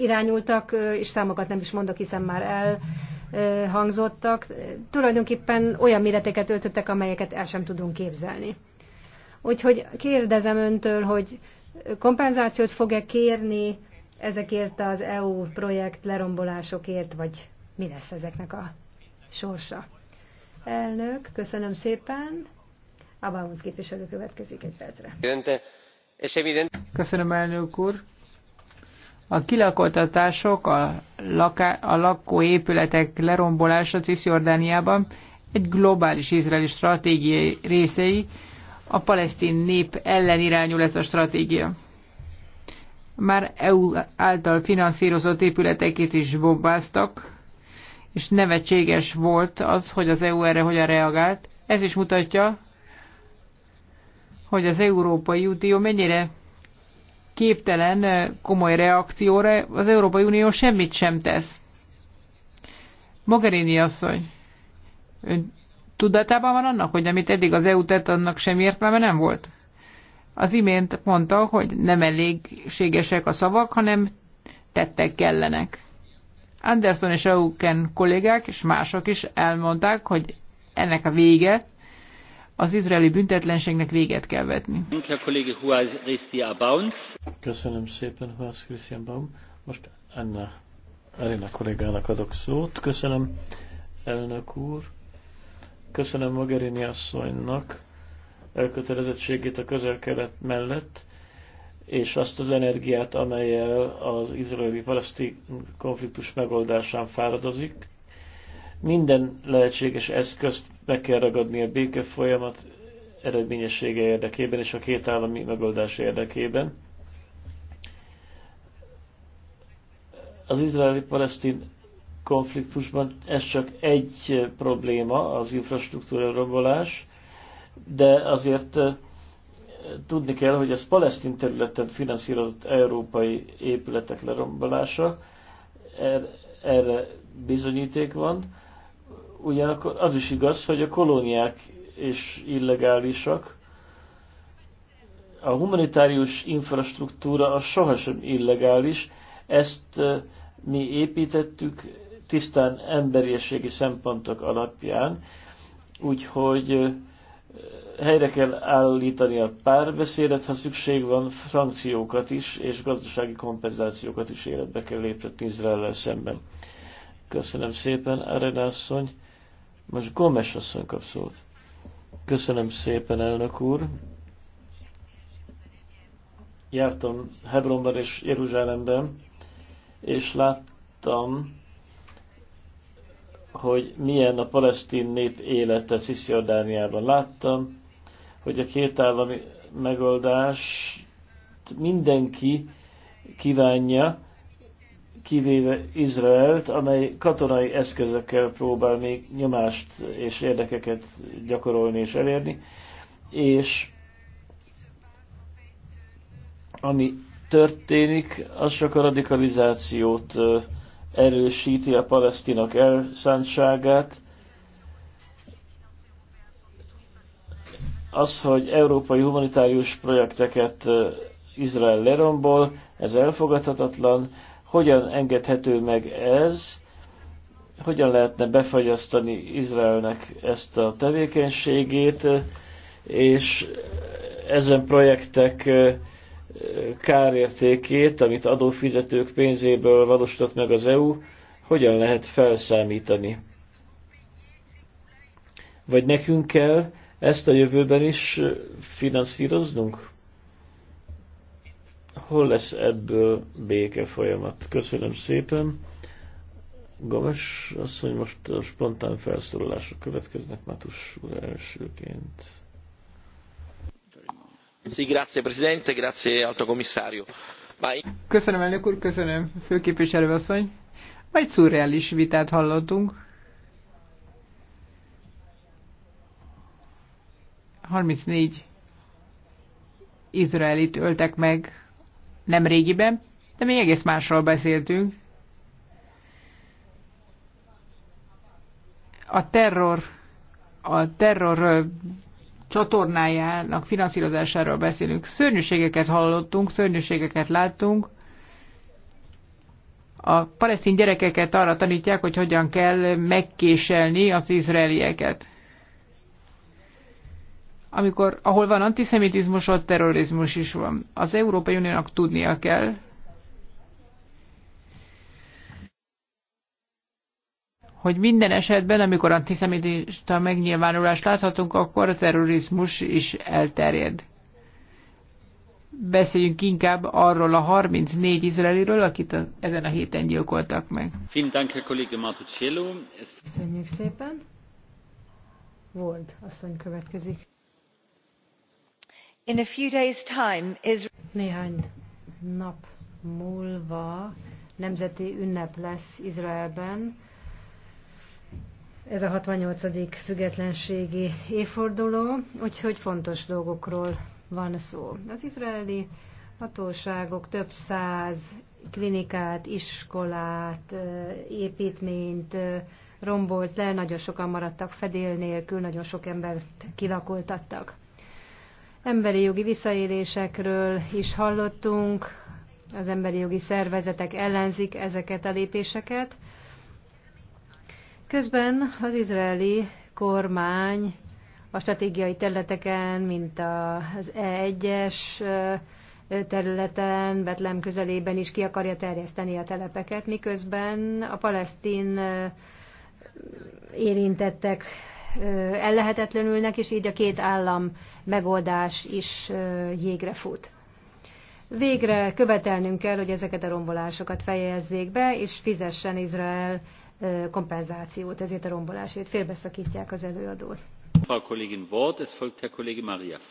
[SPEAKER 1] irányultak, és számokat nem is mondok, hiszen már el hangzottak, tulajdonképpen olyan méreteket öltöttek, amelyeket el sem tudunk képzelni. Úgyhogy kérdezem öntől, hogy kompenzációt fog-e kérni ezekért az EU projekt lerombolásokért, vagy mi lesz ezeknek a sorsa? Elnök, köszönöm szépen. A képviselő következik egy percre.
[SPEAKER 3] Köszönöm, elnök úr. A kilakoltatások, a, laká, a lakóépületek lerombolása Cisjordániában egy globális izraeli stratégiai részei, a palesztin nép ellen irányul ez a stratégia. Már EU által finanszírozott épületeket is bombáztak, és nevetséges volt az, hogy az EU erre hogyan reagált. Ez is mutatja, hogy az Európai Unió mennyire képtelen komoly reakcióra, az Európai Unió semmit sem tesz. Mogherini asszony, ön tudatában van annak, hogy amit eddig az EU tett, annak sem értelme nem volt? Az imént mondta, hogy nem elégségesek a szavak, hanem tettek kellenek. Anderson és Auken kollégák és mások is elmondták, hogy ennek a vége az izraeli büntetlenségnek véget kell vetni.
[SPEAKER 2] Köszönöm szépen, Huaz Christian Baum. Most Anna Arina kollégának adok szót. Köszönöm, elnök úr. Köszönöm Mogherini asszonynak elkötelezettségét a közel-kelet mellett, és azt az energiát, amelyel az izraeli-palesztin konfliktus megoldásán fáradozik. Minden lehetséges eszközt meg kell ragadni a béke folyamat eredményessége érdekében és a két állami megoldás érdekében. Az izraeli-palesztin konfliktusban ez csak egy probléma, az infrastruktúra rombolás, de azért eh, tudni kell, hogy ez palesztin területen finanszírozott európai épületek lerombolása, er-, erre bizonyíték van, Ugyanakkor az is igaz, hogy a kolóniák és illegálisak. A humanitárius infrastruktúra az sohasem illegális, ezt mi építettük tisztán emberiességi szempontok alapján, úgyhogy helyre kell állítani a párbeszédet, ha szükség van, frankciókat is, és gazdasági kompenzációkat is életbe kell léptetni Izrael szemben. Köszönöm szépen, Arenászony. Most Gomes asszony kap szót. Köszönöm szépen, elnök úr. Jártam Hebronban és Jeruzsálemben, és láttam, hogy milyen a palesztin nép élete Cisziordániában. Láttam, hogy a két állami megoldás mindenki kívánja, kivéve Izraelt, amely katonai eszközökkel próbál még nyomást és érdekeket gyakorolni és elérni, és ami történik, az csak a radikalizációt erősíti a palesztinok elszántságát. Az, hogy európai humanitárius projekteket Izrael lerombol, ez elfogadhatatlan, hogyan engedhető meg ez? Hogyan lehetne befagyasztani Izraelnek ezt a tevékenységét, és ezen projektek kárértékét, amit adófizetők pénzéből valósított meg az EU, hogyan lehet felszámítani? Vagy nekünk kell ezt a jövőben is finanszíroznunk? hol lesz ebből béke folyamat. Köszönöm szépen. Gomes asszony most a spontán felszólalások következnek Matus úr elsőként. Sí, grazie Presidente, grazie Alto Commissario.
[SPEAKER 3] Köszönöm elnök úr, köszönöm főképviselő asszony. Majd szurreális vitát hallottunk. 34 izraelit öltek meg nem régiben, de még egész másról beszéltünk. A terror, a terror csatornájának finanszírozásáról beszélünk. Szörnyűségeket hallottunk, szörnyűségeket láttunk. A palesztin gyerekeket arra tanítják, hogy hogyan kell megkéselni az izraelieket amikor, ahol van antiszemitizmus, ott terrorizmus is van. Az Európai Uniónak tudnia kell, hogy minden esetben, amikor antiszemitista megnyilvánulást láthatunk, akkor a terrorizmus is elterjed. Beszéljünk inkább arról a 34 izraeliről, akit a, ezen a héten
[SPEAKER 2] gyilkoltak meg.
[SPEAKER 1] Köszönjük szépen. Volt, asszony következik. Néhány nap múlva nemzeti ünnep lesz Izraelben. Ez a 68. függetlenségi évforduló, úgyhogy fontos dolgokról van szó. Az izraeli hatóságok több száz klinikát, iskolát, építményt rombolt le, nagyon sokan maradtak fedél nélkül, nagyon sok embert kilakoltattak. Emberi jogi visszaélésekről is hallottunk, az emberi jogi szervezetek ellenzik ezeket a lépéseket. Közben az izraeli kormány a stratégiai területeken, mint az E1-es területen, Betlem közelében is ki akarja terjeszteni a telepeket, miközben a palesztin érintettek ellehetetlenülnek, és így a két állam megoldás is jégre fut. Végre követelnünk kell, hogy ezeket a rombolásokat fejezzék be, és fizessen Izrael kompenzációt ezért a rombolásért. Félbeszakítják az előadót.
[SPEAKER 2] A Kollegin volt, ez folyt a kollégi Marias.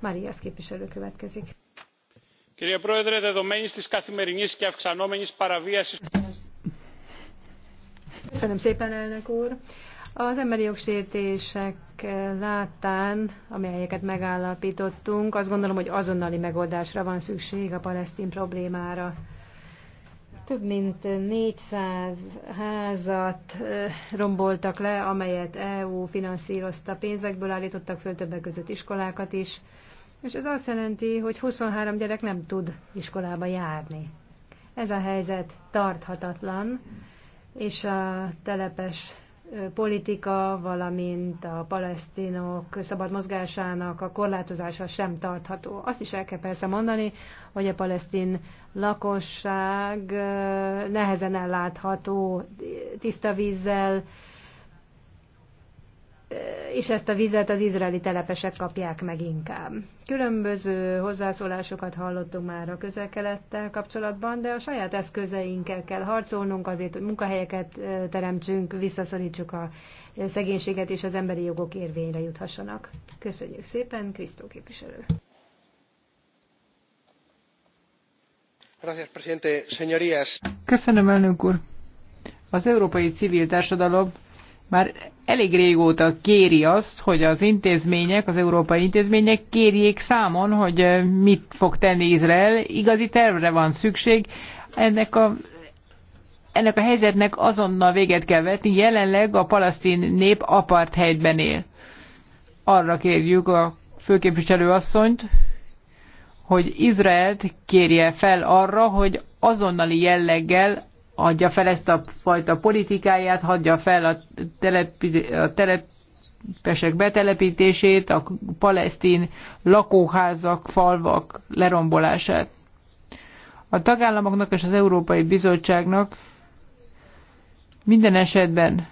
[SPEAKER 1] Marias képviselő következik.
[SPEAKER 2] Κύριε Πρόεδρε, δεδομένης της καθημερινής και αυξανόμενης παραβίασης...
[SPEAKER 1] Köszönöm szépen, elnök úr. Az emberi jogsértések láttán, amelyeket megállapítottunk, azt gondolom, hogy azonnali megoldásra van szükség a palesztin problémára. Több mint 400 házat romboltak le, amelyet EU finanszírozta pénzekből, állítottak föl többek között iskolákat is, és ez azt jelenti, hogy 23 gyerek nem tud iskolába járni. Ez a helyzet tarthatatlan, és a telepes politika, valamint a palesztinok szabad mozgásának a korlátozása sem tartható. Azt is el kell persze mondani, hogy a palesztin lakosság eh, nehezen ellátható tiszta vízzel, és ezt a vizet az izraeli telepesek kapják meg inkább. Különböző hozzászólásokat hallottunk már a közelkelettel kapcsolatban, de a saját eszközeinkkel kell harcolnunk azért, hogy munkahelyeket teremtsünk, visszaszorítsuk a szegénységet, és az emberi jogok érvényre juthassanak. Köszönjük szépen, Krisztó képviselő.
[SPEAKER 3] Köszönöm, elnök úr. Az európai civil társadalom már elég régóta kéri azt, hogy az intézmények, az európai intézmények kérjék számon, hogy mit fog tenni Izrael. Igazi tervre van szükség. Ennek a ennek a helyzetnek azonnal véget kell vetni, jelenleg a palasztin nép apartheidben él. Arra kérjük a főképviselő asszonyt, hogy Izraelt kérje fel arra, hogy azonnali jelleggel adja fel ezt a fajta politikáját, hagyja fel a, telepi, a telepesek betelepítését, a palesztin lakóházak, falvak lerombolását. A tagállamoknak és az Európai Bizottságnak minden esetben,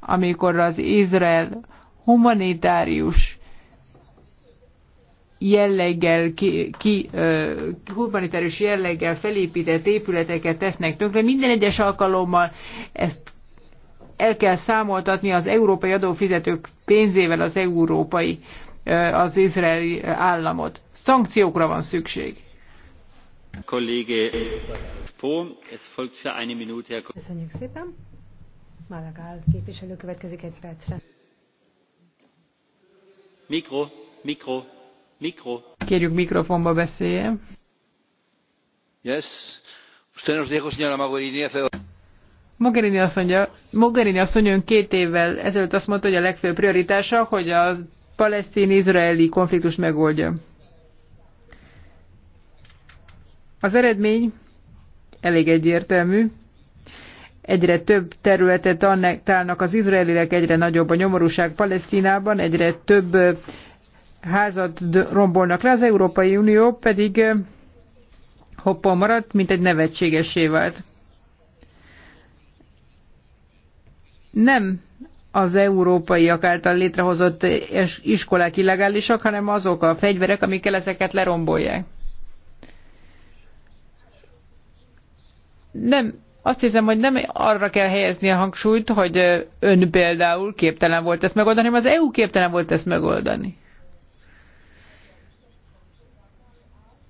[SPEAKER 3] amikor az Izrael humanitárius jelleggel, ki, ki humanitárius jelleggel felépített épületeket tesznek tönkre. Minden egyes alkalommal ezt el kell számoltatni az európai adófizetők pénzével az európai, az izraeli államot. Szankciókra van szükség.
[SPEAKER 1] Köszönjük szépen. Malagál képviselő következik egy percre.
[SPEAKER 2] Mikro, mikro. Mikro.
[SPEAKER 3] Kérjük mikrofonba beszéljen.
[SPEAKER 2] Yes. Usted nos dijo, señora Mogherini, hace
[SPEAKER 3] Mogherini azt mondja, Mogherini azt mondja, ön két évvel ezelőtt azt mondta, hogy a legfőbb prioritása, hogy a palesztin-izraeli konfliktus megoldja. Az eredmény elég egyértelmű. Egyre több területet tálnak az izraelilek, egyre nagyobb a nyomorúság Palesztinában, egyre több házat rombolnak le, az Európai Unió pedig hoppon maradt, mint egy nevetségesé vált. Nem az európaiak által létrehozott iskolák illegálisak, hanem azok a fegyverek, amikkel ezeket lerombolják. Nem, azt hiszem, hogy nem arra kell helyezni a hangsúlyt, hogy ön például képtelen volt ezt megoldani, hanem az EU képtelen volt ezt megoldani.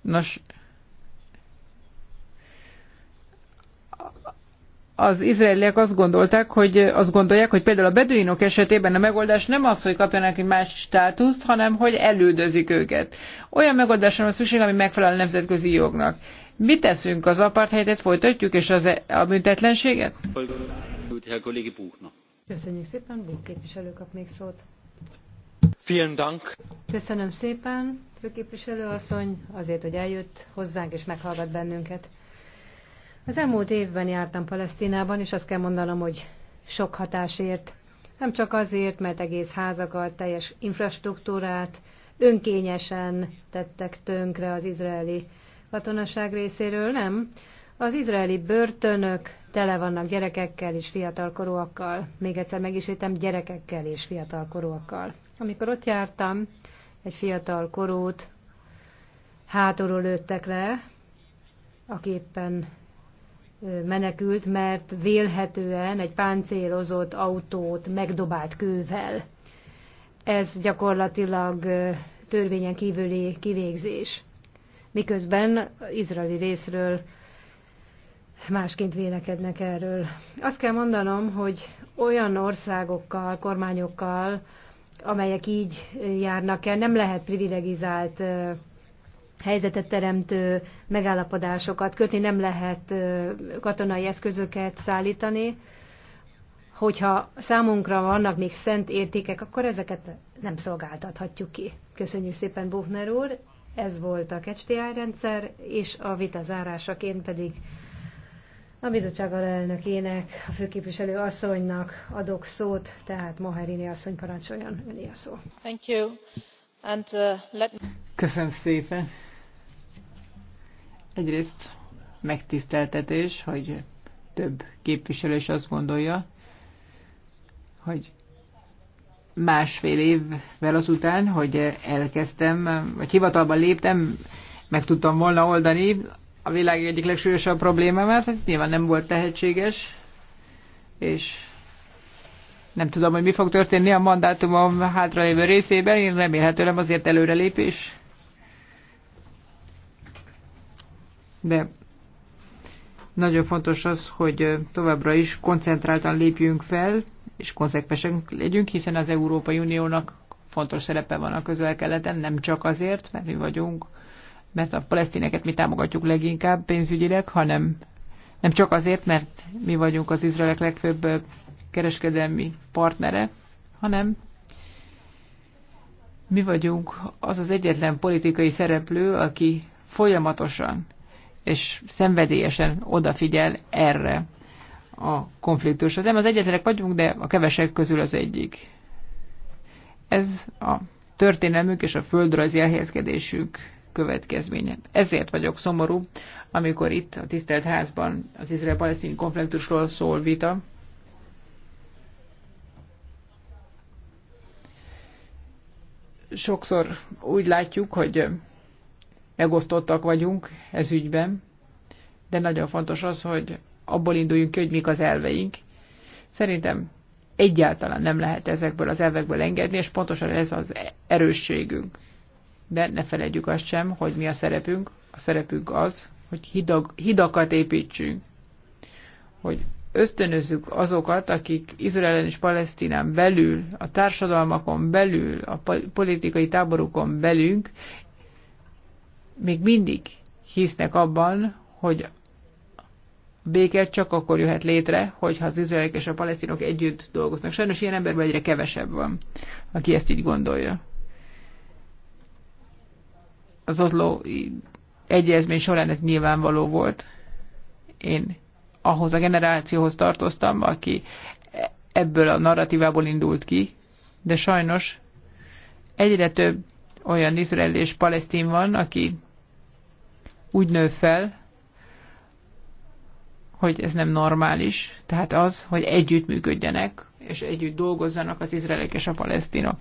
[SPEAKER 3] Nos, az izraeliek azt gondolták, hogy azt gondolják, hogy például a beduinok esetében a megoldás nem az, hogy kapjanak egy más státuszt, hanem hogy elődözik őket. Olyan megoldásra van szükség, ami megfelel a nemzetközi jognak. Mit teszünk? Az apartheidet folytatjuk, és az e- a büntetlenséget?
[SPEAKER 1] Köszönjük szépen, Búk képviselő kap még szót. Vielen Dank. Köszönöm szépen főképviselő asszony, azért, hogy eljött hozzánk és meghallgat bennünket. Az elmúlt évben jártam Palesztinában, és azt kell mondanom, hogy sok hatásért. Nem csak azért, mert egész házakat, teljes infrastruktúrát önkényesen tettek tönkre az izraeli katonaság részéről, nem. Az izraeli börtönök tele vannak gyerekekkel és fiatalkorúakkal. Még egyszer megisítem, gyerekekkel és fiatalkorúakkal. Amikor ott jártam, egy fiatal korút hátulról lőttek le, aki éppen menekült, mert vélhetően egy páncélozott autót megdobált kővel. Ez gyakorlatilag törvényen kívüli kivégzés. Miközben izraeli részről másként vélekednek erről. Azt kell mondanom, hogy olyan országokkal, kormányokkal, amelyek így járnak el, nem lehet privilegizált helyzetet teremtő megállapodásokat kötni, nem lehet katonai eszközöket szállítani. Hogyha számunkra vannak még szent értékek, akkor ezeket nem szolgáltathatjuk ki. Köszönjük szépen, Buchner úr! Ez volt a KCTI rendszer, és a vita zárásaként pedig a bizottság alelnökének, a főképviselő asszonynak adok szót, tehát Maherini asszony parancsoljon, öné a szó. Thank you. And, uh, let...
[SPEAKER 3] Köszönöm szépen. Egyrészt megtiszteltetés, hogy több képviselő is azt gondolja, hogy másfél évvel azután, hogy elkezdtem, vagy hivatalban léptem, meg tudtam volna oldani a világ egyik legsúlyosabb problémámát, hát nyilván nem volt tehetséges, és nem tudom, hogy mi fog történni a mandátumom hátralévő részében, én remélhetőleg azért előrelépés. De nagyon fontos az, hogy továbbra is koncentráltan lépjünk fel, és konzekvesen legyünk, hiszen az Európai Uniónak fontos szerepe van a közel-keleten, nem csak azért, mert mi vagyunk mert a palesztineket mi támogatjuk leginkább pénzügyileg, hanem nem csak azért, mert mi vagyunk az izraelek legfőbb kereskedelmi partnere, hanem mi vagyunk az az egyetlen politikai szereplő, aki folyamatosan és szenvedélyesen odafigyel erre a konfliktusra. Nem az egyetlenek vagyunk, de a kevesek közül az egyik. Ez a történelmük és a földrajzi elhelyezkedésük következménye. Ezért vagyok szomorú, amikor itt a tisztelt házban az izrael-palesztin konfliktusról szól vita. Sokszor úgy látjuk, hogy megosztottak vagyunk ez ügyben, de nagyon fontos az, hogy abból induljunk ki, hogy mik az elveink. Szerintem egyáltalán nem lehet ezekből az elvekből engedni, és pontosan ez az erősségünk de ne felejtjük azt sem, hogy mi a szerepünk. A szerepünk az, hogy hidag, hidakat építsünk, hogy ösztönözzük azokat, akik Izraelen és Palesztinán belül, a társadalmakon belül, a politikai táborukon belünk még mindig hisznek abban, hogy béke csak akkor jöhet létre, hogyha az izraelek és a palesztinok együtt dolgoznak. Sajnos ilyen emberben egyre kevesebb van, aki ezt így gondolja az oszló egyezmény során ez nyilvánvaló volt. Én ahhoz a generációhoz tartoztam, aki ebből a narratívából indult ki, de sajnos egyre több olyan izrael és palesztin van, aki úgy nő fel, hogy ez nem normális. Tehát az, hogy együtt működjenek, és együtt dolgozzanak az izraelek és a palesztinok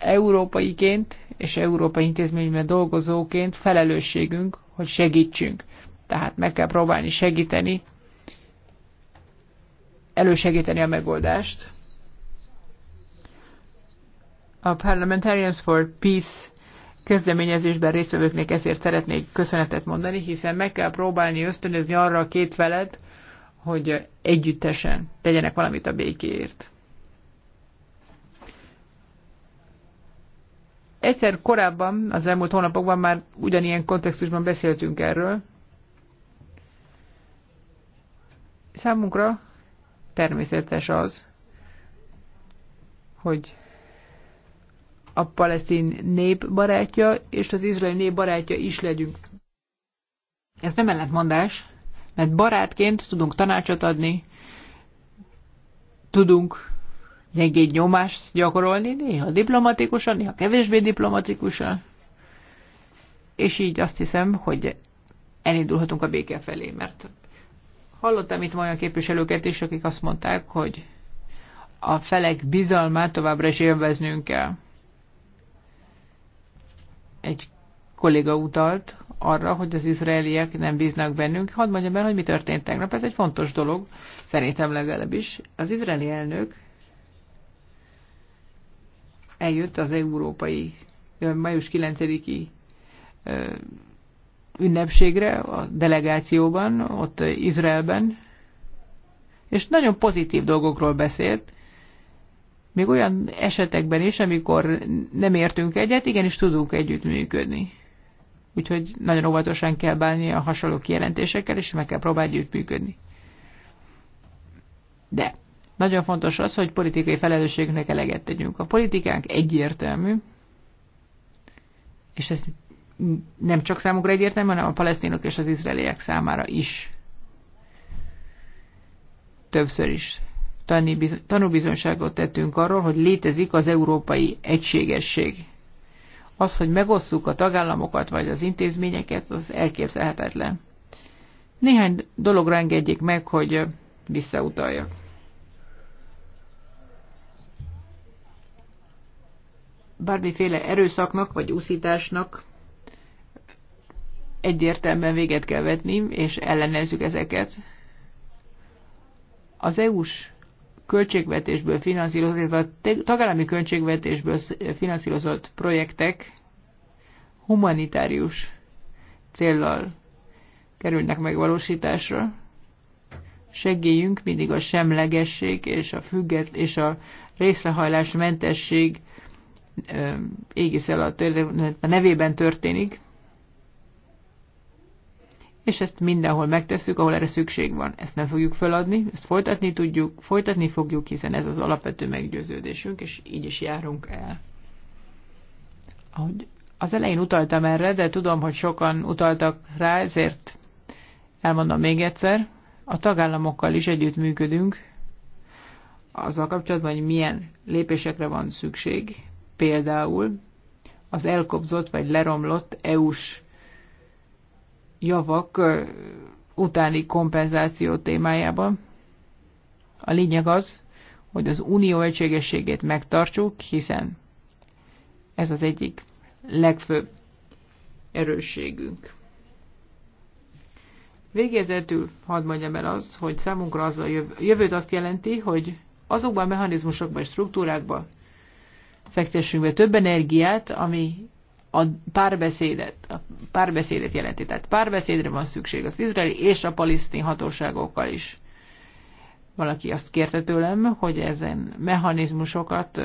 [SPEAKER 3] európaiként és európai intézményben dolgozóként felelősségünk, hogy segítsünk. Tehát meg kell próbálni segíteni, elősegíteni a megoldást. A Parliamentarians for Peace kezdeményezésben résztvevőknek ezért szeretnék köszönetet mondani, hiszen meg kell próbálni ösztönözni arra a két felet, hogy együttesen tegyenek valamit a békéért. Egyszer korábban, az elmúlt hónapokban már ugyanilyen kontextusban beszéltünk erről. Számunkra természetes az, hogy a palesztin nép barátja és az izraeli nép barátja is legyünk. Ez nem ellentmondás, mert barátként tudunk tanácsot adni, tudunk gyengéd nyomást gyakorolni, néha diplomatikusan, néha kevésbé diplomatikusan. És így azt hiszem, hogy elindulhatunk a béke felé, mert hallottam itt olyan képviselőket is, akik azt mondták, hogy a felek bizalmát továbbra is élveznünk kell. Egy kolléga utalt arra, hogy az izraeliek nem bíznak bennünk. Hadd mondjam el, hogy mi történt tegnap. Ez egy fontos dolog, szerintem legalábbis. Az izraeli elnök eljött az európai május 9-i ünnepségre a delegációban, ott Izraelben, és nagyon pozitív dolgokról beszélt, még olyan esetekben is, amikor nem értünk egyet, igenis tudunk együttműködni. Úgyhogy nagyon óvatosan kell bánni a hasonló kijelentésekkel, és meg kell próbálni együttműködni. De nagyon fontos az, hogy politikai felelősségnek eleget tegyünk. A politikánk egyértelmű, és ez nem csak számukra egyértelmű, hanem a palesztinok és az izraeliek számára is. Többször is tanúbizonyságot tettünk arról, hogy létezik az európai egységesség. Az, hogy megosszuk a tagállamokat vagy az intézményeket, az elképzelhetetlen. Néhány dologra engedjék meg, hogy visszautaljak. bármiféle erőszaknak vagy úszításnak egyértelműen véget kell vetni, és ellenezzük ezeket. Az EU-s költségvetésből finanszírozott, illetve a tagállami költségvetésből finanszírozott projektek humanitárius céllal kerülnek megvalósításra. Segéljünk mindig a semlegesség és a függet és a részlehajlásmentesség mentesség égisz a nevében történik, és ezt mindenhol megtesszük, ahol erre szükség van. Ezt nem fogjuk feladni, ezt folytatni tudjuk, folytatni fogjuk, hiszen ez az alapvető meggyőződésünk, és így is járunk el. Ahogy az elején utaltam erre, de tudom, hogy sokan utaltak rá, ezért elmondom még egyszer. A tagállamokkal is együtt működünk azzal kapcsolatban, hogy milyen lépésekre van szükség, Például az elkobzott vagy leromlott EU-s javak utáni kompenzáció témájában. A lényeg az, hogy az unió egységességét megtartsuk, hiszen ez az egyik legfőbb erősségünk. Végezetül hadd mondjam el azt, hogy számunkra az a jövőt azt jelenti, hogy azokban a mechanizmusokban és struktúrákban, fektessünk be több energiát, ami a párbeszédet, a párbeszédet jelenti. Tehát párbeszédre van szükség az izraeli és a palisztin hatóságokkal is. Valaki azt kérte tőlem, hogy ezen mechanizmusokat,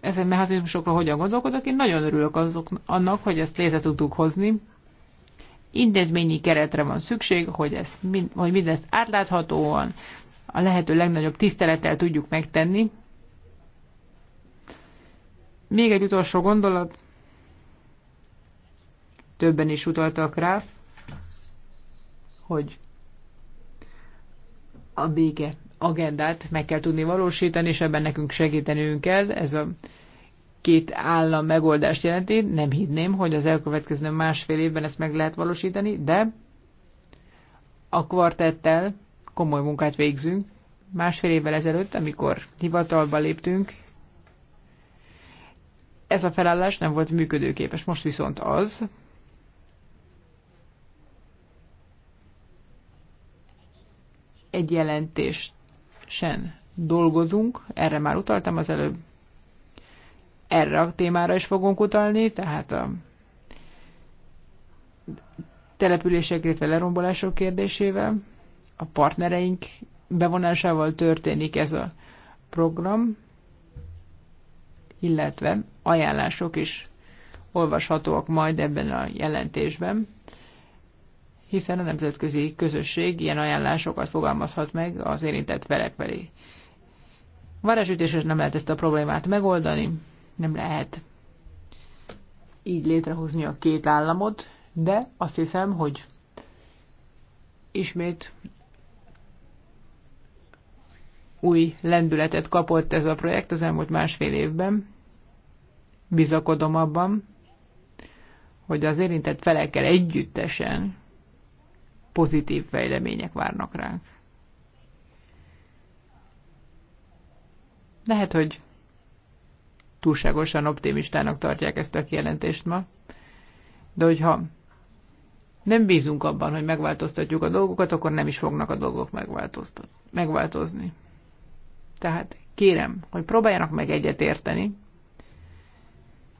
[SPEAKER 3] ezen mechanizmusokra hogyan gondolkodok. Én nagyon örülök azok, annak, hogy ezt létre tudtuk hozni. Intézményi keretre van szükség, hogy, ezt, hogy mindezt átláthatóan, a lehető legnagyobb tisztelettel tudjuk megtenni, még egy utolsó gondolat. Többen is utaltak rá, hogy a béke agendát meg kell tudni valósítani, és ebben nekünk segítenünk kell. Ez a két állam megoldást jelenti. Nem hinném, hogy az elkövetkező másfél évben ezt meg lehet valósítani, de a kvartettel komoly munkát végzünk. Másfél évvel ezelőtt, amikor hivatalba léptünk, ez a felállás nem volt működőképes. Most viszont az, egy jelentésen dolgozunk, erre már utaltam az előbb, erre a témára is fogunk utalni, tehát a települések, illetve lerombolások kérdésével, a partnereink bevonásával történik ez a program, illetve ajánlások is olvashatóak majd ebben a jelentésben, hiszen a nemzetközi közösség ilyen ajánlásokat fogalmazhat meg az érintett felek felé. Varázsütésre nem lehet ezt a problémát megoldani, nem lehet így létrehozni a két államot, de azt hiszem, hogy ismét új lendületet kapott ez a projekt az elmúlt másfél évben bizakodom abban, hogy az érintett felekkel együttesen pozitív fejlemények várnak ránk. Lehet, hogy túlságosan optimistának tartják ezt a kijelentést ma, de hogyha nem bízunk abban, hogy megváltoztatjuk a dolgokat, akkor nem is fognak a dolgok megváltozni. Tehát kérem, hogy próbáljanak meg egyet érteni,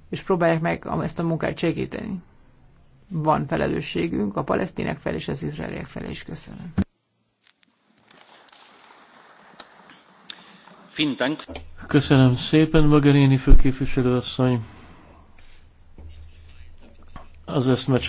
[SPEAKER 3] és próbálják meg ezt a munkát segíteni. Van felelősségünk a palesztinek fel és az izraeliek fel is. Köszönöm.
[SPEAKER 2] Köszönöm szépen, Magaréni főképviselőasszony. Az eszmecs